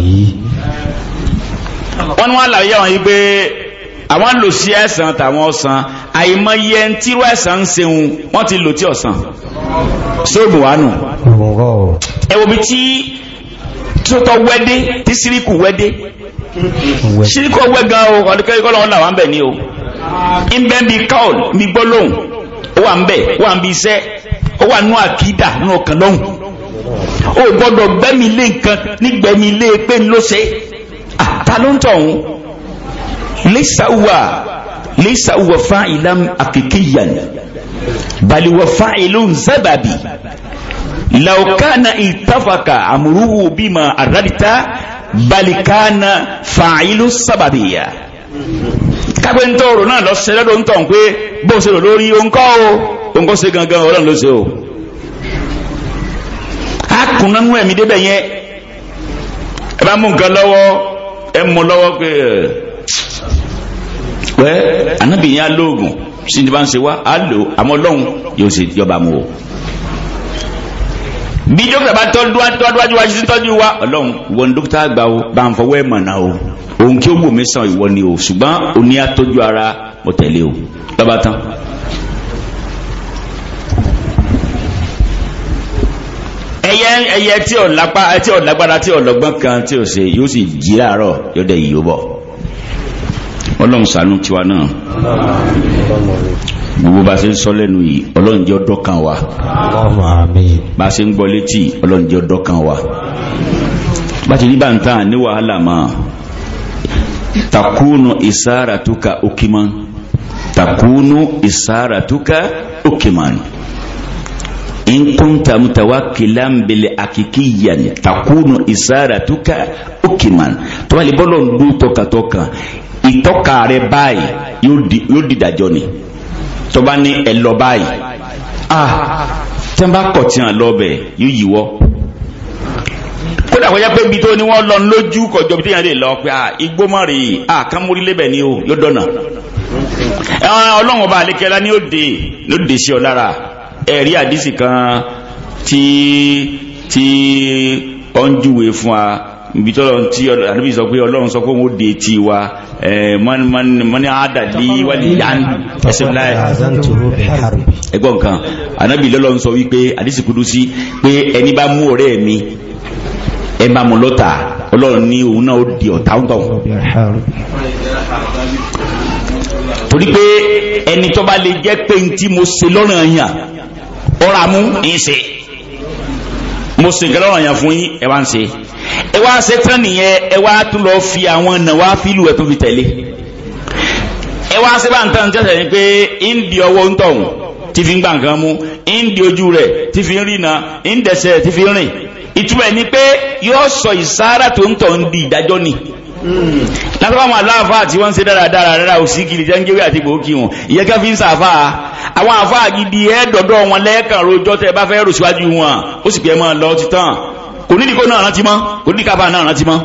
wọ́n ní wọ́n àlàyé àwọn yìí pé àwọn lò sí ẹ̀sán tàwọn ọ̀sán àìmọye ń tírú ẹ̀sán ń seun wọ́n ti lò tí ọ̀sán sóògùn wánù ẹ wo bí tí tótọ́ wẹ́dé tí síríkù wẹ́dé síríkù wẹ́ gan o ọ̀dẹ́kẹ́ ìkọlọ́wọ́n làwọn bẹ̀ ní o ìbẹ́ bí káòl mi gbọ́ lóhùn ó wà ń bẹ̀ ó wà ń bí iṣẹ́ ó wà nú àkídà nú ọkàn lóhùn o gbọ́dọ̀ gbẹ́mi lé nǹkan nígbẹ̀mí lé pé ń ló ṣe ta ló ń tọ̀hún lẹ́sàwà lẹ́sàwà fa ìlàm àkìkíyàn baliwa fa ìlú zababi laukana ìtafaka àmúrúhù bímọ àrádìta balikana fa ìlú sábàbíyà kápẹ́ ń tọrọ náà lọ ṣẹlẹ́dọ̀ ń tọ̀ pé bó ṣe lò lórí òǹkọ́ o òǹkọ́ ṣe gangan ọlọ́run ló ṣe o a kunna nu ẹ̀mí débẹ̀ yẹn ẹ bá mú nǹkan lọ́wọ́ ẹ mú lọ́wọ́ pé ẹ anabi yẹn alóògùn sinji bá ń ṣe wá a lò àmọ́ lọ́hùn yóò ṣe mu o bí dókítà bá tọ́jú tọ́jú wájú sí wa ọlọ́run ìwọ ni dókítà àgbà o bá ń fọwọ́ ẹ̀ mọ̀ náà o òun kí ó sàn ìwọ ni o ṣùgbọ́n o ara mo o lọ́ba tán. ẹyẹ tí ò lápá tí ò lágbára tí ò lọ́gbọ́n kan tí ò ṣe yóò sì jí láàárọ̀ yóò dẹ̀ yìí ó bọ̀ ọlọ́run ṣàánú tiwa náà gbogbo bá ṣe ń sọ lẹ́nu yìí ọlọ́run jẹ́ ọdọ́ kan wa bá ṣe ń gbọ́ létí ọlọ́run jẹ́ ọdọ́ kan wa bá ti rí bá ní wàhálà máa takunu ìsára túkà takunu ìsára túkà in kunta mutawakkilan bil hakikiyan takunu isaratuka ukiman tó bá lè bọ́lọ̀ ń dún tọkàtọkàn ìtọ́ka rẹ báyìí yóò di ìdájọ́ ni tó bá ní ẹ lọ báyìí ah tí wọ́n bá kọ̀ tí wọ́n lọ bẹ̀ yóò yíwọ́ kódà kọjá pé ibi tó ní wọ́n lọ lójú kọjọ́ bí téèyàn lè lọ pé ah igbó mọ̀ rèé ah kámúrí lébẹ̀ ni o yóò dọ̀nà ah, ọlọ́run ọba àlékẹ́lá ni ó de ló de sí ọ lára ẹ̀rí àdísì kan tí tí ó ń júwe fún wa ibi tọ́lọ̀ tí àdúgbò sọ pé ọlọ́run sọ pé òun ó ti wa mọ́ni àádàdí wàlíyàn ẹsẹ̀ láì ẹgbọ́n kan ànábì lọ́lọ́run sọ wípé àdísì kúdúsí pé ẹni bá mú ọ̀rẹ́ mi ẹ bá mú lọ́tà ọlọ́run ní òun náà ó di ọ̀tá ń tọ̀hún torí pé ẹni tó bá lè jẹ́ pé ntí mo ṣe lọ́rùn ẹ̀yàn ọ̀rà mú ń ṣe mo sì gẹ́lọ́ ọ̀yàn fún yín ẹ wá ń ṣe ẹ wá ṣe tán nìyẹn ẹ wá tún lọ fi àwọn ọ̀nà wá fílù ẹ̀ tó fi tẹ̀lé ẹ wá ṣe bá ń tán jẹ́sẹ̀ ni pé ń di ọwọ́ ń tọ̀hún tí fi ń gbà nǹkan mú ń di ojú rẹ̀ tí fi ń rìnà ń dẹ̀sẹ̀ tí fi ń rìn ìtumọ̀ ẹ̀ ni pé yóò sọ ìsáárà tó ń tọ̀ ń di ìdájọ́ ni lásán àwọn aláàfà tí wọ́n se ṣe dáradára rárá òsì kìlì jẹ́ ń gẹ́wé àti gbòógì wọn ìyẹn ká fi ń sàfà àwọn àfà gidi ẹ̀ dọ̀dọ̀ wọn lẹ́ẹ̀kan rojọ́ tẹ́ bá fẹ́ rò síwájú wọn ó sì pẹ́ mọ́ lọ ti tán kò ní ìdíkó náà rántí mọ́ kò ní ìkábà náà rántí mọ́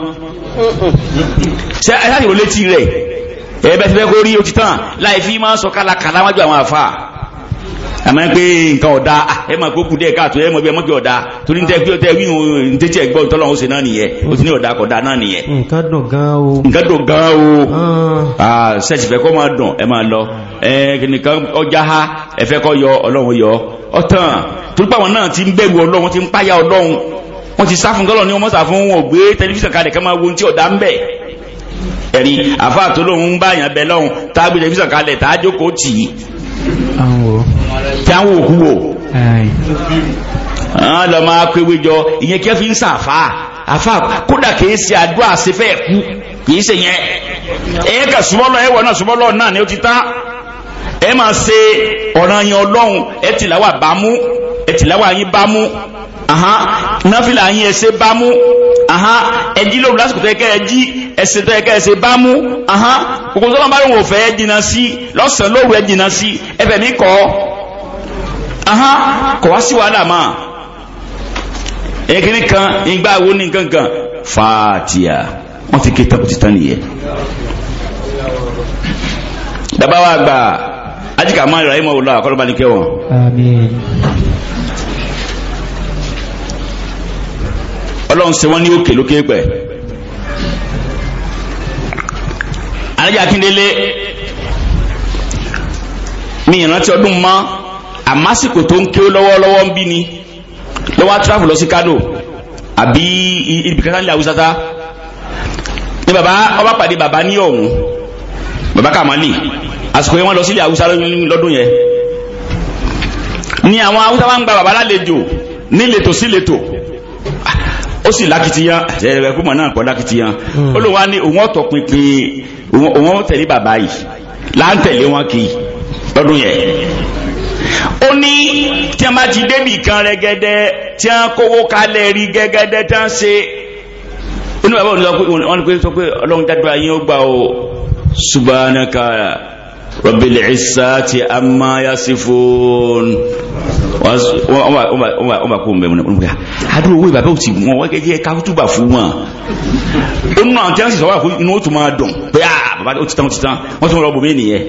ṣe ẹ ṣáà rẹ̀ ẹ fẹ́ kó rí ó ti tán láì fi máa ń sọ kálakàlà wájú àwọn àfà àmọ́ ẹ pé nǹkan ọ̀dà ah, ẹ máa kókù díẹ̀ káàtó ẹ mọ̀ bí ẹ mọ̀ bí ọ̀dà torí ní tẹ́gbẹ́ tẹ́ wí ní tẹ́tí ẹ̀gbọ́ ìtọ́lọ́ ọ̀hún ṣe náà nìyẹn ó ti ní ọ̀dà kọ̀dà náà nìyẹn. nǹkan dùn gan o. nǹkan dùn gan o. sẹ́ẹ̀sì ah. ah, fẹ́ kọ́ máa dùn ẹ máa lọ nìkan ọjà ha ẹ fẹ́ kọ́ yọ ọlọ́run yọ ọ̀tàn torí pàwọn àfáà tó lóun ń bá àyàn bẹ lọ́hùn tá a kalẹ̀ tá tì í tí a ń wò kú wò àwọn lọ máa péwé jọ ìyẹn kí ẹ fi ń sàn àfà kódà kìí ṣe àdúrà àṣefẹ́ ẹ̀kú kìí ṣe yẹn ẹ kà súnmọ́lọ́ ẹwọ náà súnmọ́lọ́ náà ni ó ti tán ẹ máa ṣe ọ̀ràn yẹn ọlọ́run ẹ tìláwà bámú ẹ tìláwà yín bámú náfìlà yín ẹ ṣe bámú Aha, ẹjí lóòrùn lásìkò tó ẹkẹ ẹjí ẹsẹ tó ẹkẹ ẹsẹ bá mú ahan gbogbo tó lọ́nà bá lóun òfẹ́ ẹjìnà sí lọ́sàn lóòrù ẹjìnà sí ẹfẹ̀ mi kọ́ Aha, kọ̀ wá sí wàhálà mà ẹkìnrin kan ìgbà wo ní nǹkan kan fàtíà wọ́n ti ké tọ́kùtì tán nìyẹn dàbáwá gbà ajíkà máa ń ra ìmọ̀ òun lọ àkọ́lọ́bá ní kẹwọn. Àmín. ọlọ́run ṣe wọ́n ní òkè lókè pẹ̀. alájà akíndélé mi ìrántí ọdún mọ́ àmásìkò tó ń ké lọ́wọ́lọ́wọ́ ń bí ni lọ́wọ́ tíráfù lọ sí Kano àbí ibi kẹta ní Haúsá ta baba ọba pàdé baba ní ọ̀hún baba Kamali àsìkò yẹn wọ́n lọ sí ilẹ̀ Haúsá lọ́dún yẹn ni àwọn Haúsá wa ń gba baba lálejò ní ìletò sí ìletò ó sì lákìtìyàn ẹ̀rẹ̀ kúmọ̀ náà kọ́ lákìtìyàn ó lóun wá ní òun ọ̀tọ̀ pinpin òun tẹ̀lé bàbá yìí là ń tẹ̀lé wọn kì í lọ́dún yẹn ó ní tí a máa ti débì kan rẹ́gẹ́dẹ́ tí a kówó kalẹ̀ rí gẹ́gẹ́dẹ́ tí a ń ṣe inú bàbá òun sọ pé ọlọ́run dádúrà yín ó gbà ó subhanaka rabbil izzati amma yasifun wọ́n bá kó ń bẹ̀ wọn nípa adúrò owó ìbàbá òtí wọn wọ́n kẹ́jẹ́ ká túbà fún wọn ó nù àwọn tí wọ́n sì sọ wà fún inú ó tún máa dùn pé à ah, bàbá ó ti tán ó ti tán wọ́n tún rọ́ọ̀bù mí nìyẹn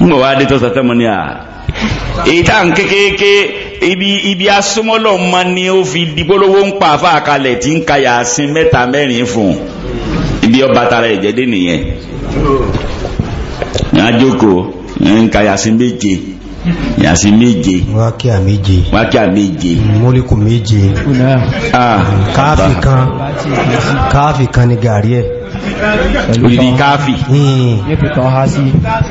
ń bọ̀ wá dé tó sàtẹ́ mọ́ ní à ah, èyí tá à ń kékeré ibi ibi asomọlọ ma ni ó fi dibolowo ń pa àfa àkàlẹ̀ tí ń ka yàásín mẹ́ta mẹ́rin fún ibi ọba tara ìjẹ́dé nìyẹn àjókòó nǹka yàsí méje yàsí méje wákíà méje wákíà méje múlíkù méje ah, káàfì kan káàfì kan ni gàrí ẹ̀ òdìdí káàfì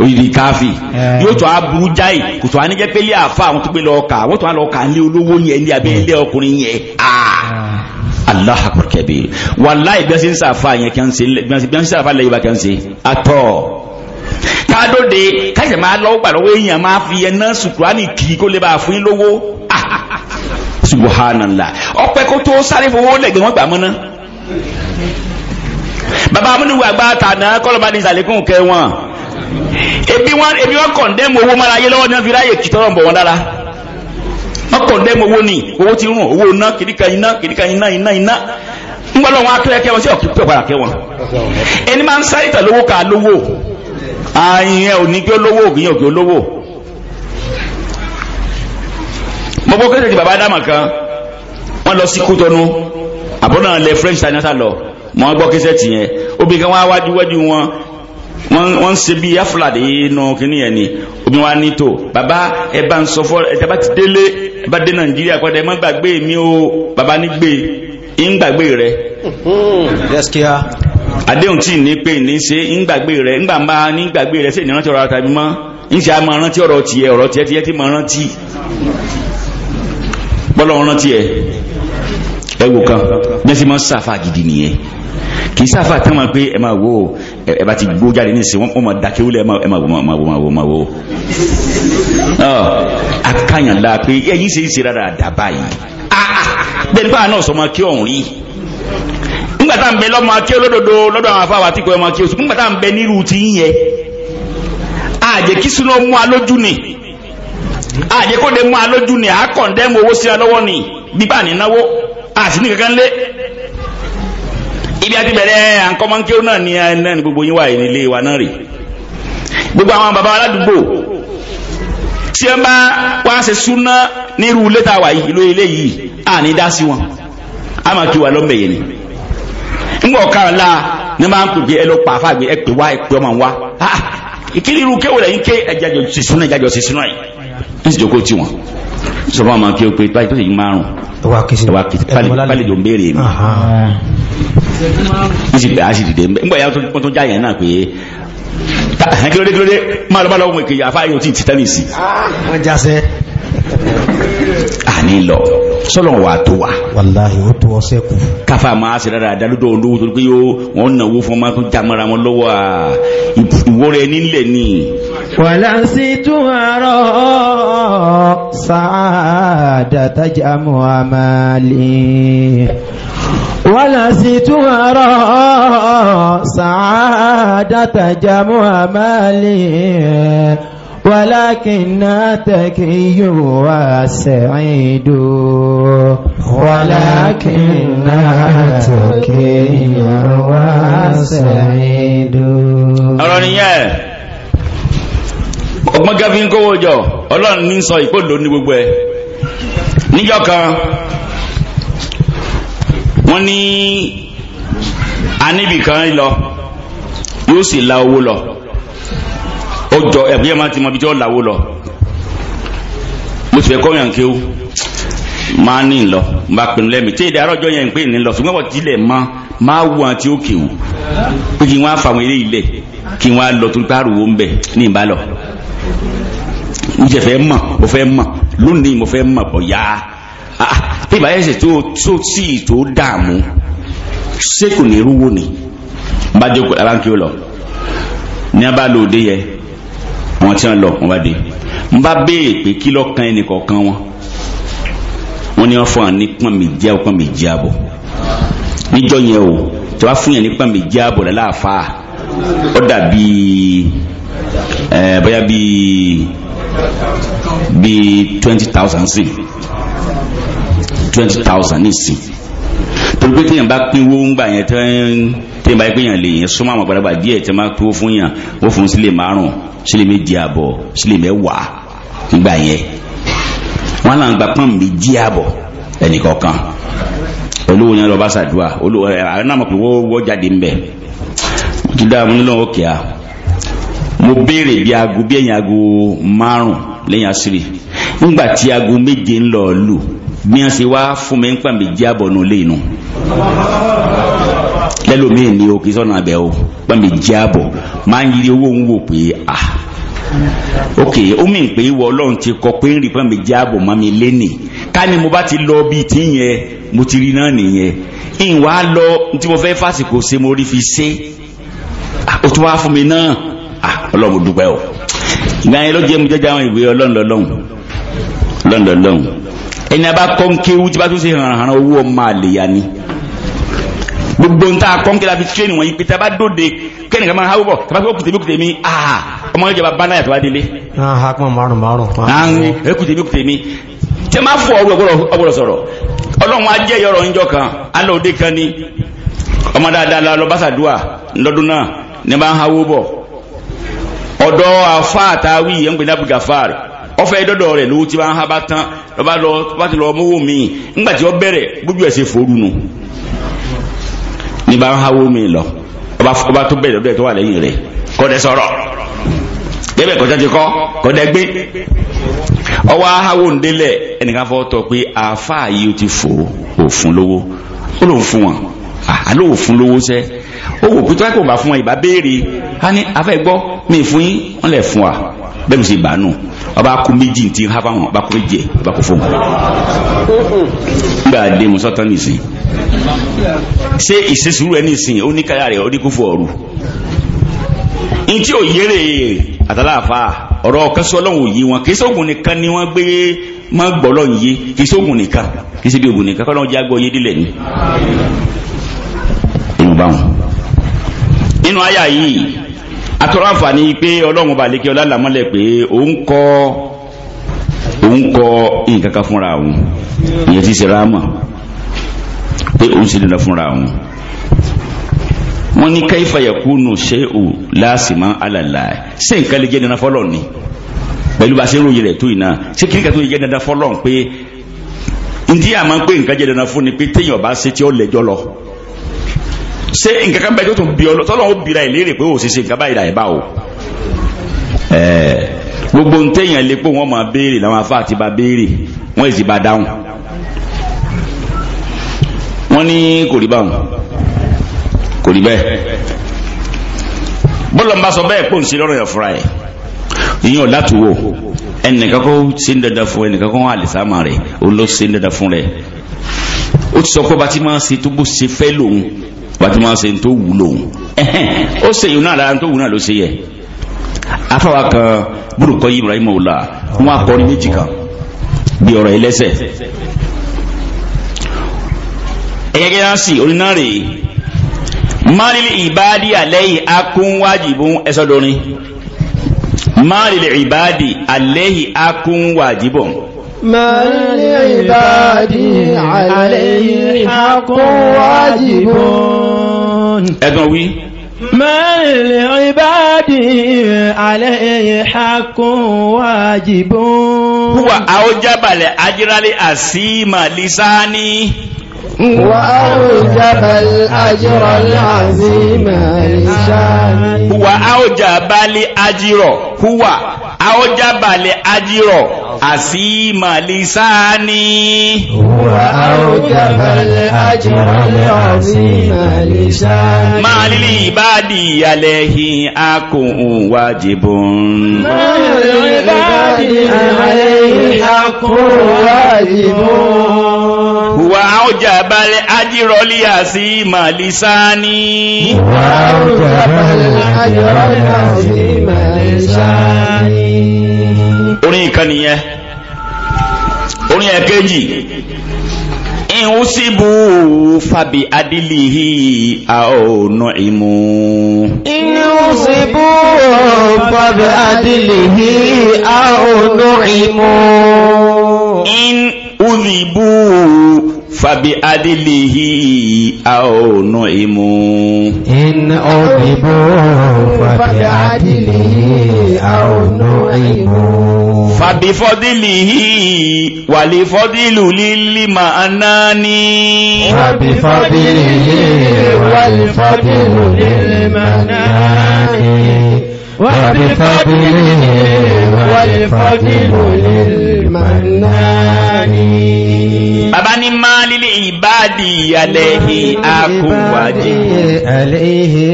òdìdí káàfì eh. yóò tó a burú jáì kò tó a ní jẹ́ pé lé àfa àwọn tó gbé lọ kà wọ́n tó a lọ kà lé olówó yẹn ní abẹ́ ilé ọkùnrin yẹn ah. ah. Allah akbar kabir wallahi bí wọ́n ṣe ń sàfà yẹn kí wọ́n ṣe ń sàfà lẹ́yìn bá kí wọ́n ṣe atọ́ kádóde káṣẹ̀ máa lọ́wọ́ gbà lọ́wọ́ èèyàn máa fi ẹná sùkúránì kì í kó lè bá a fún lówó subhanallah ọpẹ kó tó sáré fowó lẹ́gbẹ̀ẹ́ wọn gbà mọ́ná baba àgbà tànà ebi ebi wọn owó ayé ní wọn fi ráyè ni owó ti rún owó iná kìdíkà iná kìdíkà iná iná iná ń gbọ́dọ̀ wọn wọn sí ààyìn ẹ̀ ò ní kí ó lówó òkìyàn òkè olówó gbogbo kéde di baba adama kan wọ́n lọ sí kútọnu àbọ̀nà lẹ french tanata lọ mọ́ gbọ́ kẹsẹ̀ tìyẹn obìnrin kan wá wájú wájú wọn wọ́n ń ṣe bí afúlàdé nù kínní yẹn ni obìnrin wa ní tò baba ẹ bá ń sọ fọ ẹ tẹ́ bá ti délé ẹ bá dé nàìjíríà kọ́ ẹ má gbàgbé mi o baba ní gbé ń gbàgbé rẹ àdéhùn tí ní pé ní ṣe ń gbàgbé rẹ̀ ńgbà máa ní gbàgbé rẹ̀ sí ìrántí ọ̀rọ̀ àtàbí mọ́ ń ṣe àmọ́ rántí ọ̀rọ̀ tiẹ̀ ọ̀rọ̀ tiẹ̀ tiẹ̀ tí mọ́ rántí bọ́lọ̀ rántí ẹ̀ ẹwò kan mẹ́sí mọ́ sáfà gidi nìyẹn kì í sáfà tán máa pé ẹ máa wo ẹ bá ti gbó jáde níṣẹ́ wọ́n máa dákẹ́ wúlẹ̀ ẹ máa wo máa wo máa wo máa wo akáyàn la pé ẹyí ṣe é ṣe rárá àdàbà yìí ah, ah, ah. bẹ́ẹ̀ ni báà náà sọ ma kí ọ̀hún rí nígbàtà ń bẹ lọ́mọ akí olódodo lọ́dọ̀ àwọn afáwà tí kò ẹmọ akí oṣù nígbàtà ń bẹ nírú ti ń yẹ àjẹ́ kí súná mú alójú ni àjẹ́ kó lè mú alójú ni àkọ̀ndẹ́mù owó síra lọ́wọ́ ni gbígbà nínáwó àti ní kankan lé ibi àti bẹ̀rẹ̀ àǹkọ́mọ́nkíó náà ni náà ni gbogbo yín wà nílé wa náà rè gbogbo àwọn bàbá aládùúgbò tí wọ́n bá wá ṣe súná nírú ilé tá a wà yìí ìlú dá sí wọn a máa kí wa ni ńgbọ̀ kan la ní máa ń pè pé ẹ lọ pa àfàgbé ẹ pè wá ẹ pè ọmọ wa ìkíni irú kéwò lẹ́yìn ké ẹjàjọ sí súná ẹjàjọ sí súná yìí ní sì jókòó tiwọn sọ fún ọmọ kí o pé báyìí tó sì yí márùn ẹwà kìtì pálíjọ ń béèrè mi ní sì bẹ̀rẹ̀ á sì dìde ńgbọ̀ ya tó já yẹn náà pé kílódé kílódé máa lọ bá lọ́wọ́ ìkèyà afáyọ̀ tí ì ti tẹ́nìsì. wọ́n já àní lọ sọ́lọ̀ wà tó wà wàláhì ó tó ọsẹ́ kù káfà máa ṣe dára àdálódò olówó tó pé yóò wọ́n náwó fún ọmọ tó jamara wọn lọ́wọ́ ìwọ́rẹ́ nílẹ̀ ni wàlá tún àárọ̀ sáàdà tájà mọ́ tún àárọ̀ sáàdà tájà ولكن تكي وسعيد ولكن تكي وسعيد ọ̀rọ̀ nìyẹn ọgbọ́n gẹ́fí ń kówó jọ ọlọ́run ní sọ ìpòlò ní gbogbo ẹ̀ níjọ́ kan wọ́n ní anibìkan lọ yóò sì la owó lọ ó jọ ẹ̀bí ẹ̀ máa ti mọ ibi tí ó làwó lọ mo sì fẹ́ kọ́ yàn kí ó máa ní lọ bá pinnu lẹ́mí tí èdè àrọ́jọ yẹn ń pè ní lọ ṣùgbọ́n wọ́n ti lẹ̀ mọ́ máa wù wọn tí ó kéwù pé kí wọ́n á fa àwọn eré ilẹ̀ kí wọ́n á lọ torí pé àrùwò ń bẹ̀ ní ìbálọ̀ mo sì fẹ́ mọ̀ mo fẹ́ mọ̀ lónìí mo fẹ́ mọ̀ bọ̀yá ah, ah, bí ìbáyẹ̀ ṣe tó tó tí tó dààmú ṣé kò ní rúwò ni bá jókòó lábá ń kí ó lọ ní abá lóde yẹn àwọn tí wọ́n lọ wọ́n bá dé n bá béèrè pé kí ló kan ẹnì kọ̀ọ̀kan wọn wọ́n ní wọ́n fún wa ní pọ́n méjì àbọ̀ pọ́n méjì àbọ̀ níjọ́ yẹn o tí wọ́n fún yẹn ní pọ́n méjì àbọ̀ lálàáfà ó dàbí ẹ bóyá bíi bíi twenty thousand sí twenty thousand ní sí torí pé téèyàn bá pínwó ń gbà yẹn tẹ́ẹ́ tí n bá yẹ pé yàn lè yẹn súnmọ́ àwọn àgbàlagbà díẹ̀ tí n máa kó fún yàn ó fún sílẹ̀ márùn sílẹ̀ méjì àbọ̀ sílẹ̀ mẹ́wàá nígbà yẹn wọn là ń gba pọ́n méjì àbọ̀ ẹnìkọ̀ọ̀kan olówó yẹn lọ bá ṣàdúrà olówó àwọn náà mọ̀ pé wọ́n jáde ń bẹ̀ mo dáa mo nílò òkè mo béèrè bí aago bí ẹ̀yìn aago márùn lẹ́yìn àṣírí nígbà tí aago méje ń lọ lù bí wọ́n ṣe wá fún mi ń pàmì jábọ̀ nù lẹ́yìn nù fẹ́lòmíì ni o kì í sọ̀nà abẹ́ o pẹ́mi jẹ́ àbọ̀ máa ń yiri owó ń wò pé à ah, ok ó mì pé ìwọ ọlọ́run ti kọ pé ń rí pẹ́mi jẹ́ àbọ̀ mọ́ mi lénìí ká ní mo bá ti lọ bíi tí yẹn mo ti rí náà nìyẹn ìwà lọ tí mo fẹ́ fásìkò ṣe mo rí fi ṣe ah, ó tún wá fún mi náà ah, ọlọ́run dúpẹ́ o ìgbà ló jẹ́ mo jẹ́jẹ́ àwọn ìwé ọlọ́run lọ́lọ́run lọ́lọ́run ẹni abá kọ́ ń kéwú tí bá tún ṣe hàn gbogbo ń ta kọ́ńkẹ́lá fi tírénì wọ̀nyí pété a bá dóde kẹ́ni máa háwó bọ̀ tàbá fẹ́ òkùté bí mi aa ọmọ ìjọba bá náà yàtọ̀wá délé. aha ah, kọ́ márùn márùn. òkùté ah, bí òkùté mi tẹ máa fọ ọgbọ̀rọ̀ sọ̀rọ̀ ọlọ́run ajẹ́ yọrọ ń jọ kan alóde kan ni ọmọ dáadáa la lọ bàṣàdúà lọ́dún náà ní bá ń háwó bọ̀ ọ̀dọ́ afa àtàwí ẹ̀ ń pè ní abdulgafar ọfẹ dọdọ rẹ ló ti bá ń haba tán lọba lọ ní bá ń hawó mi lọ ọba tó bẹ̀rẹ̀ lọ́dọ̀ ẹ̀ tó wà lẹ́yìn rẹ̀ kọ́ dẹ sọ̀rọ̀ gẹ́gẹ́ kọjá ti kọ́ kọ́ dẹ gbé ọwọ́ ahawó ń délẹ̀ ẹnìkan fọ́ tọ́ pé àáfàá yìí ó ti fò ó lówó ó lòún fún wọn àlóò ah, fún lówó sẹ́ ó wò pé tó kò bá fún wa ìbá béèrè á ní afẹ́ gbọ́ mi fún yín wọ́n lẹ̀ fún wa bẹ́ẹ̀ mi sì bá nù ọba kú méjì ti ha bá wọn ọba kú méjì ọba kú fún wọn. nígbà dé musa tán nìsín ṣé ìṣesúrú ẹ nìsín ó ní káyà rẹ ó ní kó fún ọrù ntí ò yéré àtàláàfà ọ̀rọ̀ kẹsọ́ ọlọ́run ò yí wọn kìí sóògùn nìkan ni wọ́n gbé má gbọ́ lọ́n yé kìí sóògùn nìkan kìí sí bí yé dílẹ̀ ni sínú báwọn. nínú àyà yìí atọ́rọ̀ àǹfààní pé ọlọ́run bá lékè ọlá làmọ́lẹ̀ pé òun kọ́ òun kọ́ nǹkan kan fúnra òun ìyẹn ti ṣe ráàmà pé òun sì dandan fúnra òun. wọ́n ní kaifa yakunu ṣé'ù lásìmọ́ àlàlà ṣé nǹkan lè jẹ́ dandan fọ́lọ́ ni pẹ̀lú bá ṣe ń ròyìn rẹ̀ tó yìí náà ṣé kíríkà tó yẹ jẹ́ dandan fọ́lọ́ pé ntí àmọ́ pé nǹkan jẹ́ dandan fún ni pé téèyàn bá ṣe tí ó lẹ́jọ́ lọ ṣe nǹkan kan bẹ́ẹ̀ tó tún bí ọlọ́ tọ́lọ́ ó bira ìlérè pé ó sì ṣe báyìí láìbá o gbogbo ń téèyàn lè pé wọ́n máa béèrè làwọn afá àti bá béèrè wọ́n sì bá dáhùn wọ́n ní kò rí báwọn kò rí bẹ́ẹ̀ bọ́lọ̀ ń bá sọ bẹ́ẹ̀ pò ń ṣe lọ́rọ̀ yẹn fúnra ẹ̀ ìyẹn ò láti wò ẹnìkan kó ṣe ń dandan fún ẹnìkan kó àlìsámà rẹ̀ ó fún rẹ̀ ó ti sọ pé bá máa ṣe tó bó ṣe fẹ́ lòun wàtí wọn tó wù lòun o se yìí náà lára tó wù náà ló se yẹ afáwa kan yìí ibrahim ọ̀la wọn akọrin méjì kan bí ọ̀rọ̀ ẹlẹ́sẹ̀ ẹ̀yẹ́gẹ́ yá sí onínàrè máàlìlì ìbáàdì àlẹ́yìn akúnwájìbún ẹ̀gbọ́n wí mẹ́rìnlẹ̀ ìbáàdì alẹ́ ìhàkùn wájìbùn huwa àójábàlẹ̀ ajírálẹ̀ àsíìmà lisani huwa àójábàlẹ̀ ajírálẹ̀ àsíìmà lisani huwa àójábàlẹ̀ ajírọ̀ huwa àwọjábàlẹ̀ ajírọ̀ àti màlìsáàní àwọjábàlẹ̀ ajírọ̀ àti màlìsáàní màlìlì ìbádì ìyàlẹ̀ hìn akùnhùn wájibùn màlìlì ìbádì ìyàlẹ̀ hìn akùnhùn wájibùn ọjà balẹ̀ ajírọlí àti màlìsá ní orin kan nìyẹn orin ẹ̀kejì ìhun síbú fàbí adìlìhì àọ̀nà ìmú ìhun síbú fàbí adìlìhì àọ̀nà ìmú in uzibu fàbí adìlìhì àọ̀nà ìmú iná òdìbò fàbí adìlìhì àọ̀nà ìmú fàbí fọ́dìlìhì wàlì fọ́dìlù lílì máa náà ní fàbí fọ́dìlìhì wàlì fọ́dìlù lílì máa náà ní وبفضله والفضل للمنان bàbá ní máa lílé ìbáàdì àlẹ́hì àkọwàjì àlẹ́hì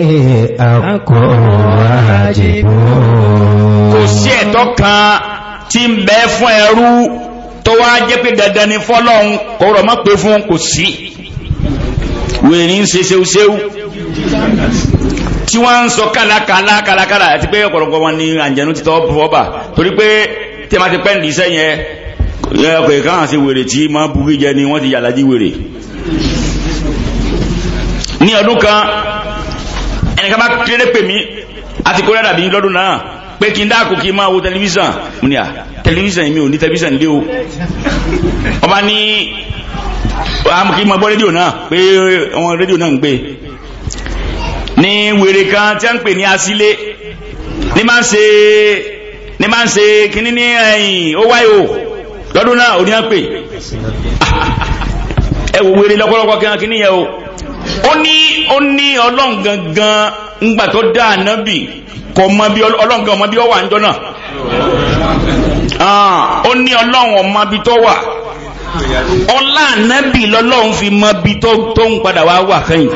àkọwàjì kò sí ẹ̀tọ́ kan tí ń bẹ fún ẹrú tó wá jẹ́ pé ni fọ́lọ́hun kò rọ̀ mọ́ pé wèrè ń ṣe ṣeúṣeú tí wọ́n ń sọ kálàkálà kálàkálà àti pé ọ̀pọ̀lọpọ̀ wọn ni àǹjẹ̀nú ti tọ́ bọ́bà torí pé tí wọ́n ti pẹ́ ní iṣẹ́ yẹn ọkọ̀ ìkáhàn sí wèrè tí máa bugi jẹ ni wọ́n ti yàlájí wèrè ní ọdún kan ẹnìkan bá kéré pè mí àti kórẹ́ dàbí lọ́dún náà pé kí n dáàkó kí n máa wo tẹlifíṣàn mo ní à tẹlifíṣàn mi ò ní tẹlifíṣàn lé o ọba ní kí n máa gbọ́ rédíò náà pé wọn rédíò náà ń gbé ní wèrè kan tí a ń pè ní asílé ní máa ń ṣe ní máa ń ṣe kíní ní ẹ̀yìn ó wáyé lọ́dún náà ò ní à ń pè ẹ wò wèrè lọ́pọ̀lọpọ̀ kí n kíní yẹ o ó ní ó ní ọlọ́run gangan ńgbà tó dá ànábì kò mọ bí ọlọ́run kan mọ bí ọ wà níjọ náà ah, ó ní ọlọ́run ọmọ bí tó wà ọlá ànábì lọ́lọ́run fi mọ bí tó ń padà wá wà fẹ́yìn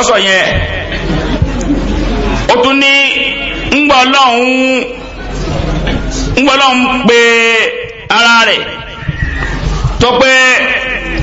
ọsọ yẹn ó tún ní ngbà ọlọ́run ngbà ọlọ́run pé ara rẹ̀ tó pé.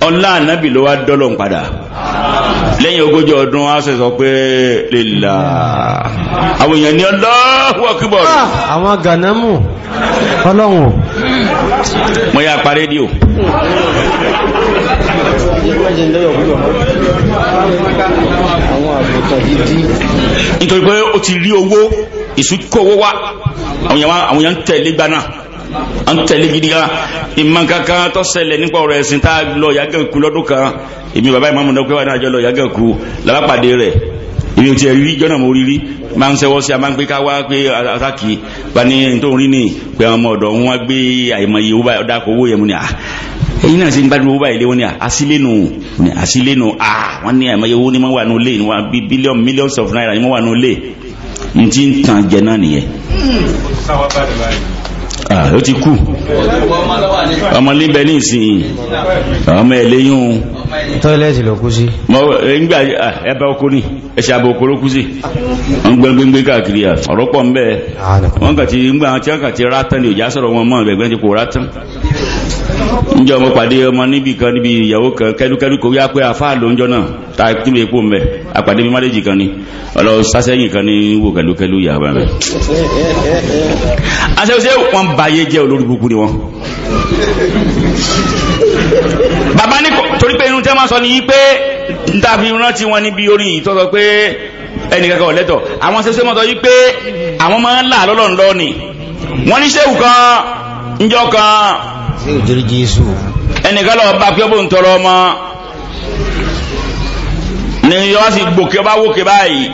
ọlá ànábì ló wá dọ́lọ̀ ń padà lẹ́yìn ogójì ọdún a ṣe sọ pé lèlà àwọn èèyàn ní Allahu Akbar ah, àwọn gànámù ọlọ́run mo yá pa rédíò nítorí pé ó ti rí owó ìsúkò owó wá àwọn èèyàn ń tẹ̀lé gbaná à ń tẹ̀lé gidigan ìmọ̀ kankan tó ṣẹlẹ̀ nípa ọ̀rọ̀ ẹ̀sìn tá a lọ yàgẹ̀ kú lọ́dún kan èmi bàbá ìmọ̀ ọmọdé pẹ́wàá náà jọ lọ yàgẹ̀ kú lábàpàdé rẹ̀ èmi ò tiẹ̀ rí jọ́nà mo rí rí máa ń sẹ́wọ́ sí a máa ń pé ká wá pé àtàkì bá ní tó ń rí ní pé ọmọ ọ̀dọ́ wọn gbé àìmọye owó báyìí ọ̀dà kò owó yẹn mu ni à ah, èyí náà ṣe ń gbádùn owó báyìí ah, lé wọn ni à àsílénu ni àsílénu ah, à wọn ní àìmọye owó ni wọn wà nílé ni wọn bí bílíọ̀nù millions of naira ni wọn wà nílé ní ti ń tàn jẹ náà nìyẹn. Hmm. Ah, ó ti kú ọmọ líbẹ̀ ní ìsìn ọmọ ẹ̀lẹ́yìn tọ́lẹ̀tì ló kú sí eh, nígbà ah, ẹbẹ̀ oko ní ẹṣẹ́ abẹ́ oko ló kú sí wọ́n gbẹ́gbẹ́gbẹ́ káàkiri ah, ọ̀rọ̀pọ̀ ń bẹ́ẹ̀ wọ́n kàtí ń gbà tí òjá sọ̀rọ̀ wọn mọ́ ẹgbẹ́ ti kò njẹ́ ọmọ pàdé ọmọ níbi kan níbi ìyàwó kan kẹ́dúkẹ́dú kò rí pé àfáà ló ń jọ náà tá a tún lè pò àpàdé mi kan ni ọlọ sásẹ́yìn kan ni wò kẹ́dúkẹ́dú yà bá wọn ba jẹ́ wọn. bàbá ní torí pé tẹ́ máa ni pé n ta fi rántí wọn níbi orin yìí tọ́sọ pé ò lẹ́tọ̀ àwọn yìí pé àwọn máa ń ẹnìkan lọ bá pé ó bó ń tọrọ ọmọ ni yọ́ sì gbòkè ọba wòkè báyìí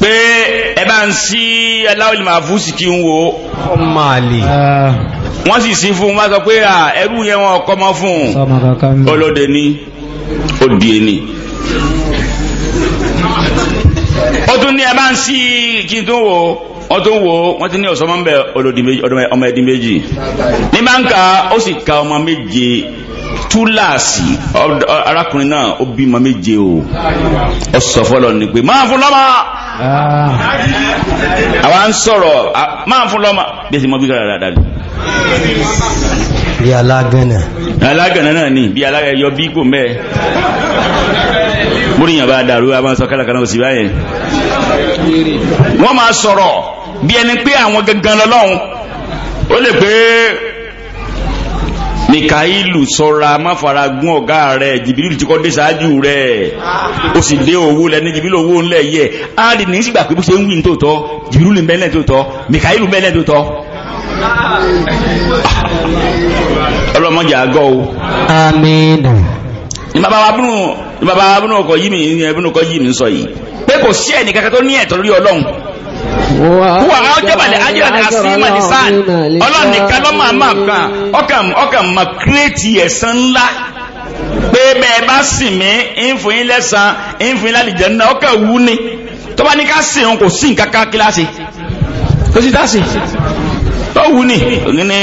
pé ẹ bá ń sí aláwọ̀lì máa fún sí kí n wo wọ́n sì sí fún wọ́n sọ pé à ẹrú yẹn wọn ọkọ mọ́ fún ọlọ́dẹ ní òdì ẹni ó tún ní ẹ bá ń sí kí n tún wo wọ́n tún wo wọ́n ti ní ọ̀sán máa ń bẹ ọmọ ẹ̀dín méjì ní bá ka ó sì ka ọmọ méje túláàsì arákùnrin náà ó bí ọmọ méje o ọ sọ fọlọ ni pé máa fún lọ́mọ ah. àwa ń sọ̀rọ̀ máa fún lọ́mọ bí ẹsẹ̀ mọ́ bí kára dáadáa bí alágànnà alágànnà náà ni bí alágànnà yọ bí kò mẹ́ẹ̀ múríyàn bá dàrú a sọ kálàkálà òsì báyẹn wọ́n máa sọ̀rọ̀ bí ẹni pé àwọn gangan lọ́lọ́run ó lè pé Míkáílù sọra má fara gún ọ̀gá rẹ̀ jìbìlì tí kò dé ṣáájú rẹ̀ ó sì dé owó lẹ́ni jìbìlì owó ńlẹ̀ yẹ áàdì ní sígbà pé bó ṣe ń wí ní tòótọ́ jìbìlì mẹ́lẹ̀ tòótọ́ Míkáílù mẹ́lẹ̀ tòótọ́ ọlọ́mọdé àgọ́ o. amiina. ní bàbá wa bínú ní bàbá wa bínú ọkọ̀ yìí mi ní ẹbínú ọkọ̀ yìí mi sọ yìí pé kò sí ẹnì kankan tó ní ẹ̀tọ́ lórí ọlọ́run wà á jẹ́bàlẹ̀ ajẹ́rẹ̀ àṣíma ní sáà ọlọ́run nìkan ló máa máa kàn ọkàn ọkàn máa kírètì ẹ̀san ńlá pé bẹ́ẹ̀ bá sì mí ìfòyín lẹ́sàn ìfòyín lálìjẹ́ náà ọkàn wú ni tó bá ní ká sì òun kò sí nǹkan kan kíláàsì kò sí dáàsì tó wú ni ní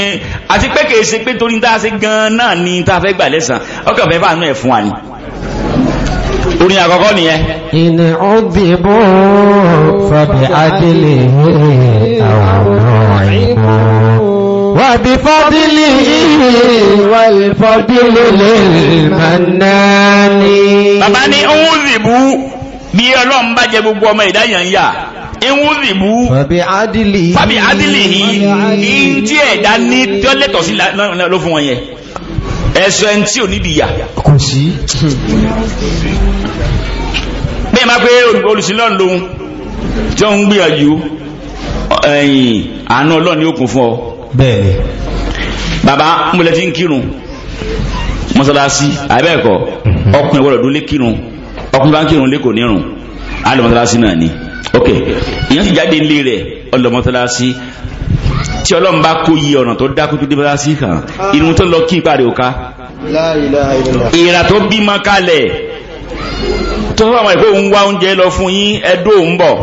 àti pé kèé ṣe pé torí dáàsì gan náà ni tá a fẹ́ gbà lẹ́sàn ọkàn fẹ́ bá àánú ẹ̀ fún wa ni orin àkọ́kọ́ nìyẹn ìní ó dìbò fàbí adìlì àwọn ìbò wà bí fọ́dílì wà fọ́dílì lè mànáni bàbá ní ó dìbò fàbí adìlì yìí tí ẹ̀dá ní tí ó lẹ́tọ̀ sí ló fún wọn yẹn ẹ̀sùn ẹni tí ò níbi ìyà kò sí bẹ́ẹ̀ máa pé olùsílọ́n lòun tí ó ń gbìyànjú ẹ̀yìn àánú ọlọ́run ni ó kún fún ọ bẹ́ẹ̀ bàbá múlẹ̀ tí ń kírun mọ́sálásí àbẹ́ẹ̀kọ́ mhm. ọkùnrin wọ́lọ̀ dúnlé kírun ọkùnrin bá ń kírun lẹ́kọ̀ọ́ nírun alọ́ náà ni ok ìyẹn sì jáde ilé rẹ̀ ọlọ́ mọ́sálásí tí ọlọ́run bá kó yí ọ̀nà tó dákú tó débẹ́lá sí kan irun tó lọ kí ìpàdé òka ìrà tó bímọ kalẹ̀ tó fún àwọn ìpé òun wá oúnjẹ lọ fún yín ẹdó òun bọ̀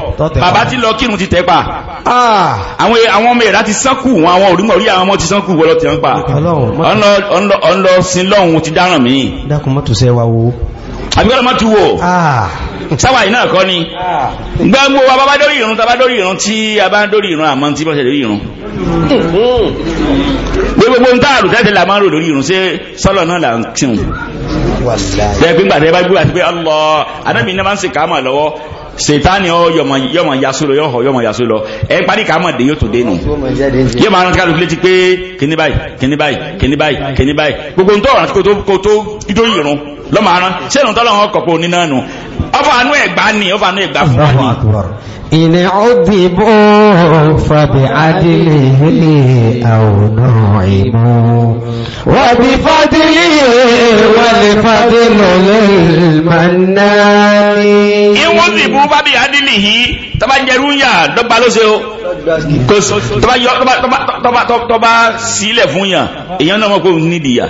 bàbá tí lọ kírun ti tẹ́ pa àwọn ọmọ ìrà ti sánkù àwọn òrùmọ̀ orí àwọn ọmọ ti sánkù wọ́lọ́ ti ń pa ọ̀nlọ sin lọ́hun ti dáràn mí dákun mọ́tò sẹ́wà wo àbíkọ́lọ́ mọ́ ti wò ah. sáwà iná kọ́ ni ah. gbogbo wa bá dórí irun tàbá dórí irun tí a bá dórí irun àmọ́ tí bọ́sẹ̀ dórí irun gbogbo ń tààrù tẹ́tẹ̀ la máa ń rò lórí irun ṣé sọ́lọ̀ náà là ń kírun lẹ́gbẹ̀gbà tẹ́ bá gbé àti pé Allah anábìínà máa ń ṣe kàámà lọ́wọ́ sètáni ọ yọmọ yasu lọ yọhọ yọmọ yasu lọ ẹ parí ká mọ̀ dé yóò tún dé nù yóò máa rántí kálukú létí pé kíní báyìí kíní báyìí kíní báyìí kíní báyìí gbogbo ntọ́ ọ̀rọ̀ àti kótó kótó kíjó yìrún lọ́mọ aran sẹ́nu tọ́lọ́ ọkọ̀ pé onínánu ọ̀fọ̀ àánú ẹ̀gbá ni ọ̀fọ̀ àánú ẹ̀gbá fún wa ni. إن عذبوا فبعدله أو نعموا وبفضله والفضل للمنان إن عذبوا فبعدله tọba jẹrú ń yà dọ́gba ló ṣe o tọba yọ tọba tọba sílẹ̀ fún yà èyàn náà wọn kò nídìí yà.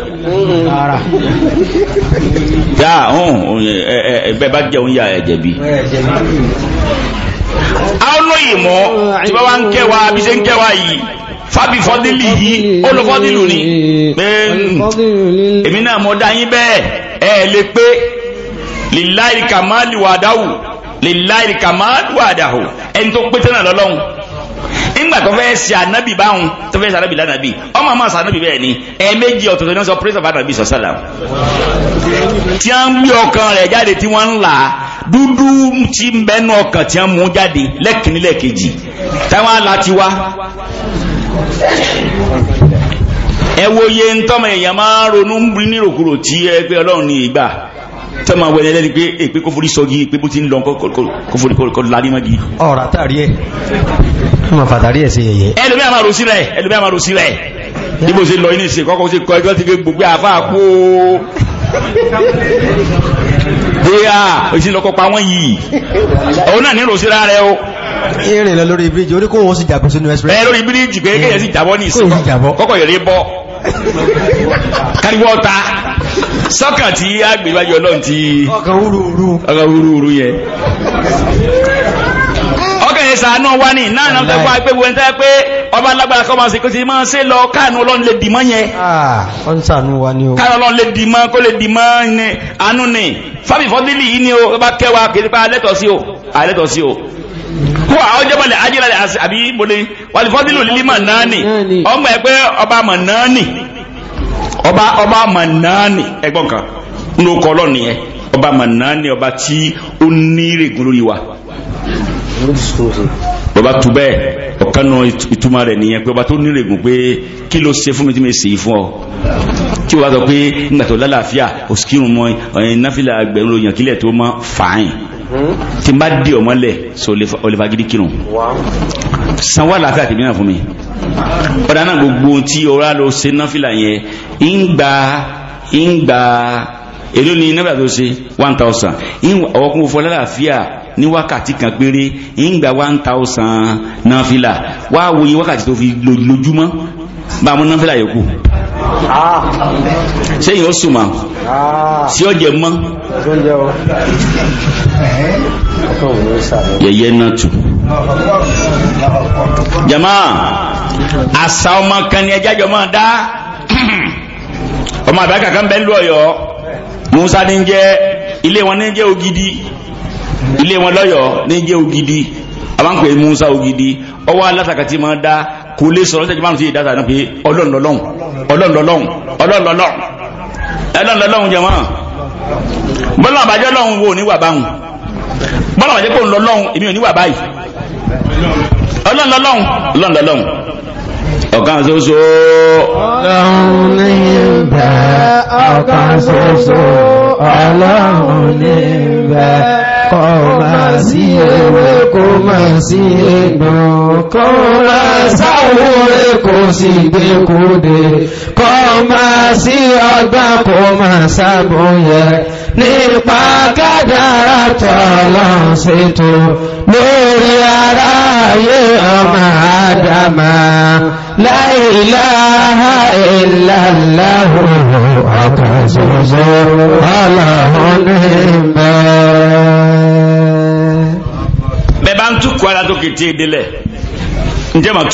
bá jẹun yà ẹ jẹ̀bi àwọn ìmọ̀ tí bá wá ń kẹwa bí ṣe ń kẹwa yìí fábí fọ́dílì yìí olùfọ́dílù ni pé hmm, èmi náà mọ̀ dá yín bẹ́ẹ̀ ẹ lè pé lìláìkàmáàlì wàdáwù lìláìkàmáàlì wàdáwù ẹni tó pété náà lọ́lọ́hùn nígbà tó fẹ́ ṣe ànábì báwọn tó fẹ́ ṣe ànábì lánàbì ọmọ àmọ́ àṣànábì bẹ́ẹ̀ ni ẹ̀ẹ́mẹ́jì ọ̀tọ̀tọ̀ ní wọ́n sọ praise of anabi sọ̀sálà tí a ń gbé ọkàn rẹ̀ jáde tí wọ́n ń là dúdú tí ń bẹ́nu ọkàn tí mú jáde lẹ́kìnní táwọn àlá ti wá ẹ wo iye ń tọ́mọ èèyàn máa ronú tí tẹ́ máa wẹ̀lẹ́ lẹ́ni pé èpé eh, kó forí sọ́gi pé bó ti ń lọ kó forí kọ́ lárí mọ́gi. ọ̀rọ̀ àtàrí ẹ̀ ọmọ fàtàrí ẹ̀ sí ẹ̀yẹ. ẹlòmí ìrìn lọ lórí bíríjì orí kò wọ́n jàbọ̀ sínú express. ẹ lórí bíríjì pé kéèyàn sì jàbọ̀ ní ìsìn kọ́kọ́ yẹ̀rẹ̀ bọ́ káríwọ́ ta sọ́kà tí agbèwájú ọlọ́run ti ọkàn húrúhúrú yẹn ọkàn yẹn sàánú wá ní náà náà fẹ́ fún wa pé wọ́n tẹ́ pé ọba alágbára kọ́ máa ṣe kó ti máa ṣe lọ káànù ọlọ́run lè dìmọ́ yẹn ah, káànù ọlọ́run lè dìmọ́ kó lè dìmọ́ o alẹ́tọ̀ o kó àwọn jẹ́ bọ́lẹ̀ ajílẹ̀ àbí bọ́lẹ̀ wàlúfọ́dílì olílì mọ̀ náà ni ọgbà ẹgbẹ́ ọba mọ̀ náà ọba ọba mọ̀nàánì ẹgbọ́n kan nínú ọkọ̀ ọlọ́ọ̀ni yẹn ọba mọ̀nàánì ọba tí ó ní ìrègùn lórí wa. bàbá tu bẹ́ẹ̀ ọ̀kan náà ìtumọ̀ rẹ̀ nìyẹn pé ọba tó ní ìrègùn pé kí ló ṣe fún mi tí mi ṣèyí fún ọ tí o bá sọ pé ńgbà tó lálàáfíà òsìkírun mọ ẹ̀yìn náfìlà ẹgbẹ̀rún lóyún àkílẹ̀ tó mọ fàáyìn tí n bá di ọmọ lẹ̀ so olèfà gidi kírun san wà láàfin àti ìbínà fún mi ọ̀dà náà gbogbo tí ọ̀rá lọ ṣe náfìlà yẹn ń gba ń gba èló ni náfìlà tó ṣe one thousand ọkùnrin fún ọlọ́láàfíà ní wákàtí kan péré ń gba one thousand náfìlà wá wo iye wákàtí tó fi lójúmọ́ bá a mú náfìlà yòókù sẹ́yìn ó sùnmọ̀ sí ọ̀jẹ̀ mọ́ yẹ̀yẹ́ náà tù jama àṣà ọmọ kan ni ẹjá jọ máa dá ọmọ àbá kankan bẹ́ẹ̀ lú ọ̀yọ́ musa ní jẹ́ ilé wọn ní jẹ́ ògidì ilé wọn lọ́yọ̀ ní jẹ́ ògidì àwọn pè musa ògidì ọwọ́ alátàkàtì máa dá kò lè sọ̀rọ̀ ṣẹ́jú márùn-ún sí ìdásà náà pé ọlọ́run lọ́lọ́run ọlọ́lọ́lọ́hun ọlọ́lọ́lọ́hun ẹlọ́lọ́lọ́hun jẹmọ́ bọ́lá àbájọ́ lọ́hun wo níwà báhùn bọ́lá àbájọ́ kò ń lọ lọ́hun èmi ò níwà báyìí ọlọ́lọ́lọ́hun ọlọ́lọ́lọ́hun ọ̀kan ṣoṣo ọlọ́run ní ìbẹ̀ ọ̀kan ṣoṣo ọlọ́run ní ìbẹ̀ kọ́ máa sí ewé kò máa sí ẹ̀gbọ́n kọ́ máa sáwọ́ kò sì gbé kúdé kọ́ máa sí ọgbà kò máa sábọ̀ yẹ nípa kádàrá tọ́lọ́ ṣètò lórí ara ayé ọmọ àdámà láìláha ìlàláhù àkàṣọ́ṣọ́ aláhùn ní ìbẹ̀ bẹ̀bá ń túkọ̀ alátókè tí èdè lẹ̀ ǹjẹ́ màá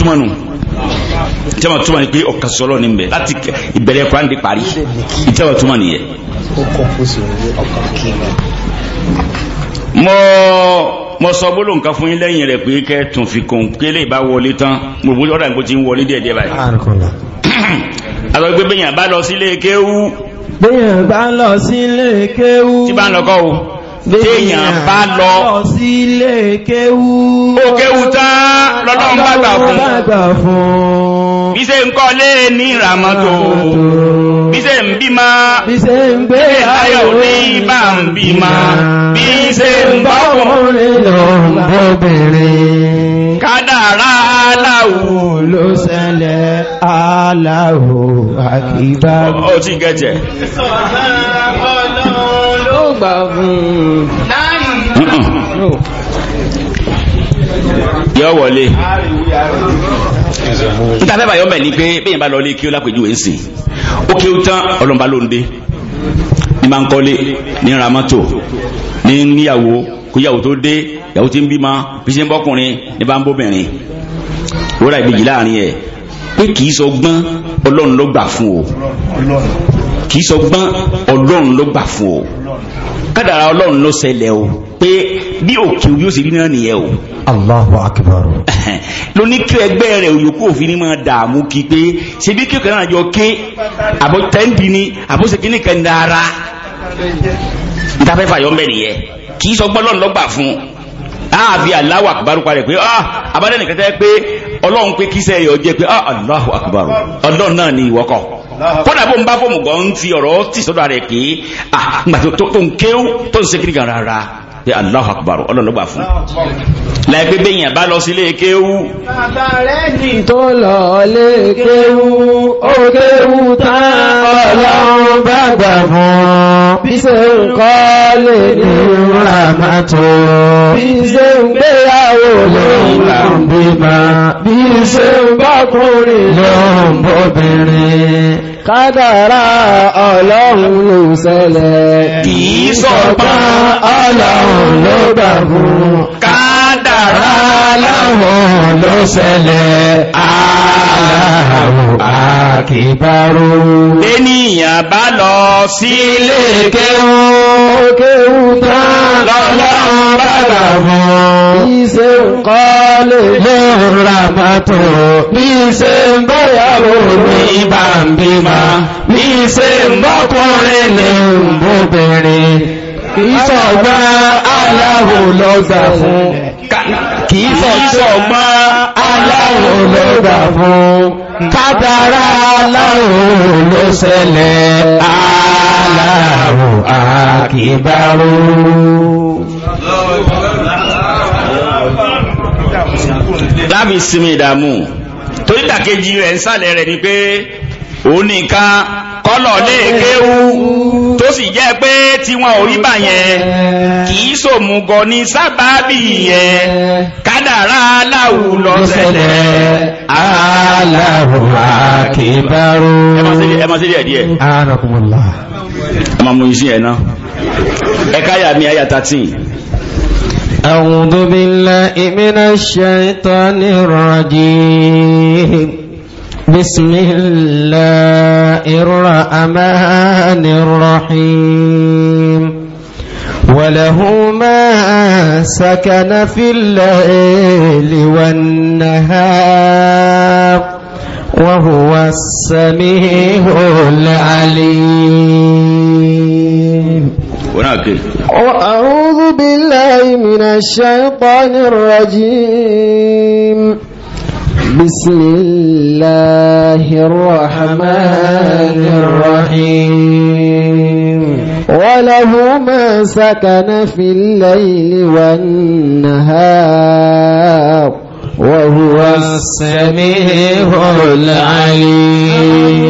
ìtẹ́wọ̀n túmọ̀ ni pé ọ̀kan ni bẹ̀ láti ìbẹ̀rẹ̀ Kùránì di parí ìtẹ́wọ̀n túmọ̀ nìyẹn. mo mo sọ gbólóhùn kan fún yín lẹ́yìn rẹ̀ pé kẹ́ tún fi kún kélé ìbá wọlé tán gbogbo ọ̀dà nǹkan ti ń wọlé díẹ̀díẹ̀ báyìí. àlọ́ gbé bẹ́yìn àbá lọ sílé kéwú. bẹ́yìn àbá lọ sílé kéwú. tí bá ń lọ kọ́ o téèyàn bá lọ sílé kéwú ó kéwú tán lọ́lọ́run gbàgbà fún bí ṣe ń kọ́lé ní ìràmọ́tò bí ṣe ń bímá bí ṣe ń gbé ayọ̀ ní ibà ń bímá bí ń bọ́kùnrin lọ kádàrá aláwò ló ṣẹlẹ̀ aláwò àkíbá ó ti gbà fún yọ wọlé ntàfẹ́ bàyọ̀ mẹ́ ni pé bẹ́ẹ̀ bá lọ lé kí ó lápèjúwe ń sìn ó kí ó tán ọlọ́mọba ló ń dé ní máa ń kọ́lé ní ra mọ́tò ní níyàwó kó yàwó tó dé yàwó tí ń bímọ bí ń bọ́kùnrin ní bá ń bóbìnrin wúrà ìbejì láàrin ẹ̀ pé kì í sọ gbọ́n ọlọ́run ló gbà fún o kì í sọ gbọ́n ọlọ́run ló gbà fún o kádàrá ọlọ́run ló ṣẹlẹ̀ o pé bí òkè yóò sì rí náà nìyẹn o. Allahu akbar. lóní kí ẹgbẹ́ rẹ̀ òyòkú òfin ni máa dààmú kí pé ṣe bí kí ọkàn àjọ ké àbọ̀ tẹ́ǹdì ni àbọ̀ ṣe kíní kan dára. ìtafẹ́fà yọ̀ ń bẹ̀ nìyẹn kì í sọ gbọ́ lọ́nà lọ́gbà fún un àbí Allahu akbar parẹ̀ pé ah abádẹ́nìkẹ́tẹ́ pé ọlọ́run pé kí sẹ́yọ̀ jẹ́ pé ah Allahu akbar ọlọ́run náà ni ìwọ́kọ̀ kódà bó ń bá fọ́ọ̀mù gan ń fi ọ̀rọ̀ tì sọ́dọ̀ pé ah gbà tó ń kéw tó ń sekiri gan rárá pé Allahu Akbar ọlọ́run ló gbà fún láì pé bẹ́yìn àbá lọ sílé kéwú. bàbá rẹ̀ ní tó lọ lé kéwú ó kéwú tán ọlọ́run bá gbà fún bí ṣe ń kọ́ lè ní ràmàtò kádàrá ọlọ́run ló ṣẹlẹ̀ kìí sọpá ọlọ́run ló gbà fún kádàrá ọlọ́run ló ṣẹlẹ̀ ààrùn àkìbárò lẹ́nìyàn bá lọ sí ilé kéwú lè lè ràmà tó mi ṣe ń báyàwó ní ibà ń bímá ní ṣe ń bọ́kùnrin ní ìbòbìnrin ìṣọ̀gbá aláwò lọ́gbà fún kìí sọ̀gbá aláwò lọ́gbà fún kádàrá aláwò ló ṣẹlẹ̀ aláwò àkìbárò láàbì sinmi ìdààmú torí dàkejì rẹ̀ ń sàlẹ̀ rẹ̀ ni pé òun nìkan kọ́lọ̀ lè kéwú tó sì jẹ́ pé tí ò rí bà yẹn kì í sòmùgọ̀ ní sábàbí yẹn kádàrá aláwù lọ́sẹ̀lẹ̀ aláwù àkèbárò. ẹ máa ṣe díẹ̀ díẹ̀. arakunla. ẹ máa mú iṣẹ́ ẹ náà. ẹ káyà mi àyà thirteen. أعوذ بالله من الشيطان الرجيم بسم الله الرحمن الرحيم وله ما سكن في الليل والنهار وهو السميع العليم onáàkè. a'udhu billahi minash shaytanir rajim. بسم الله الرحمن الرحيم وله ما سكن في الليل والنهار وهو السميع العليم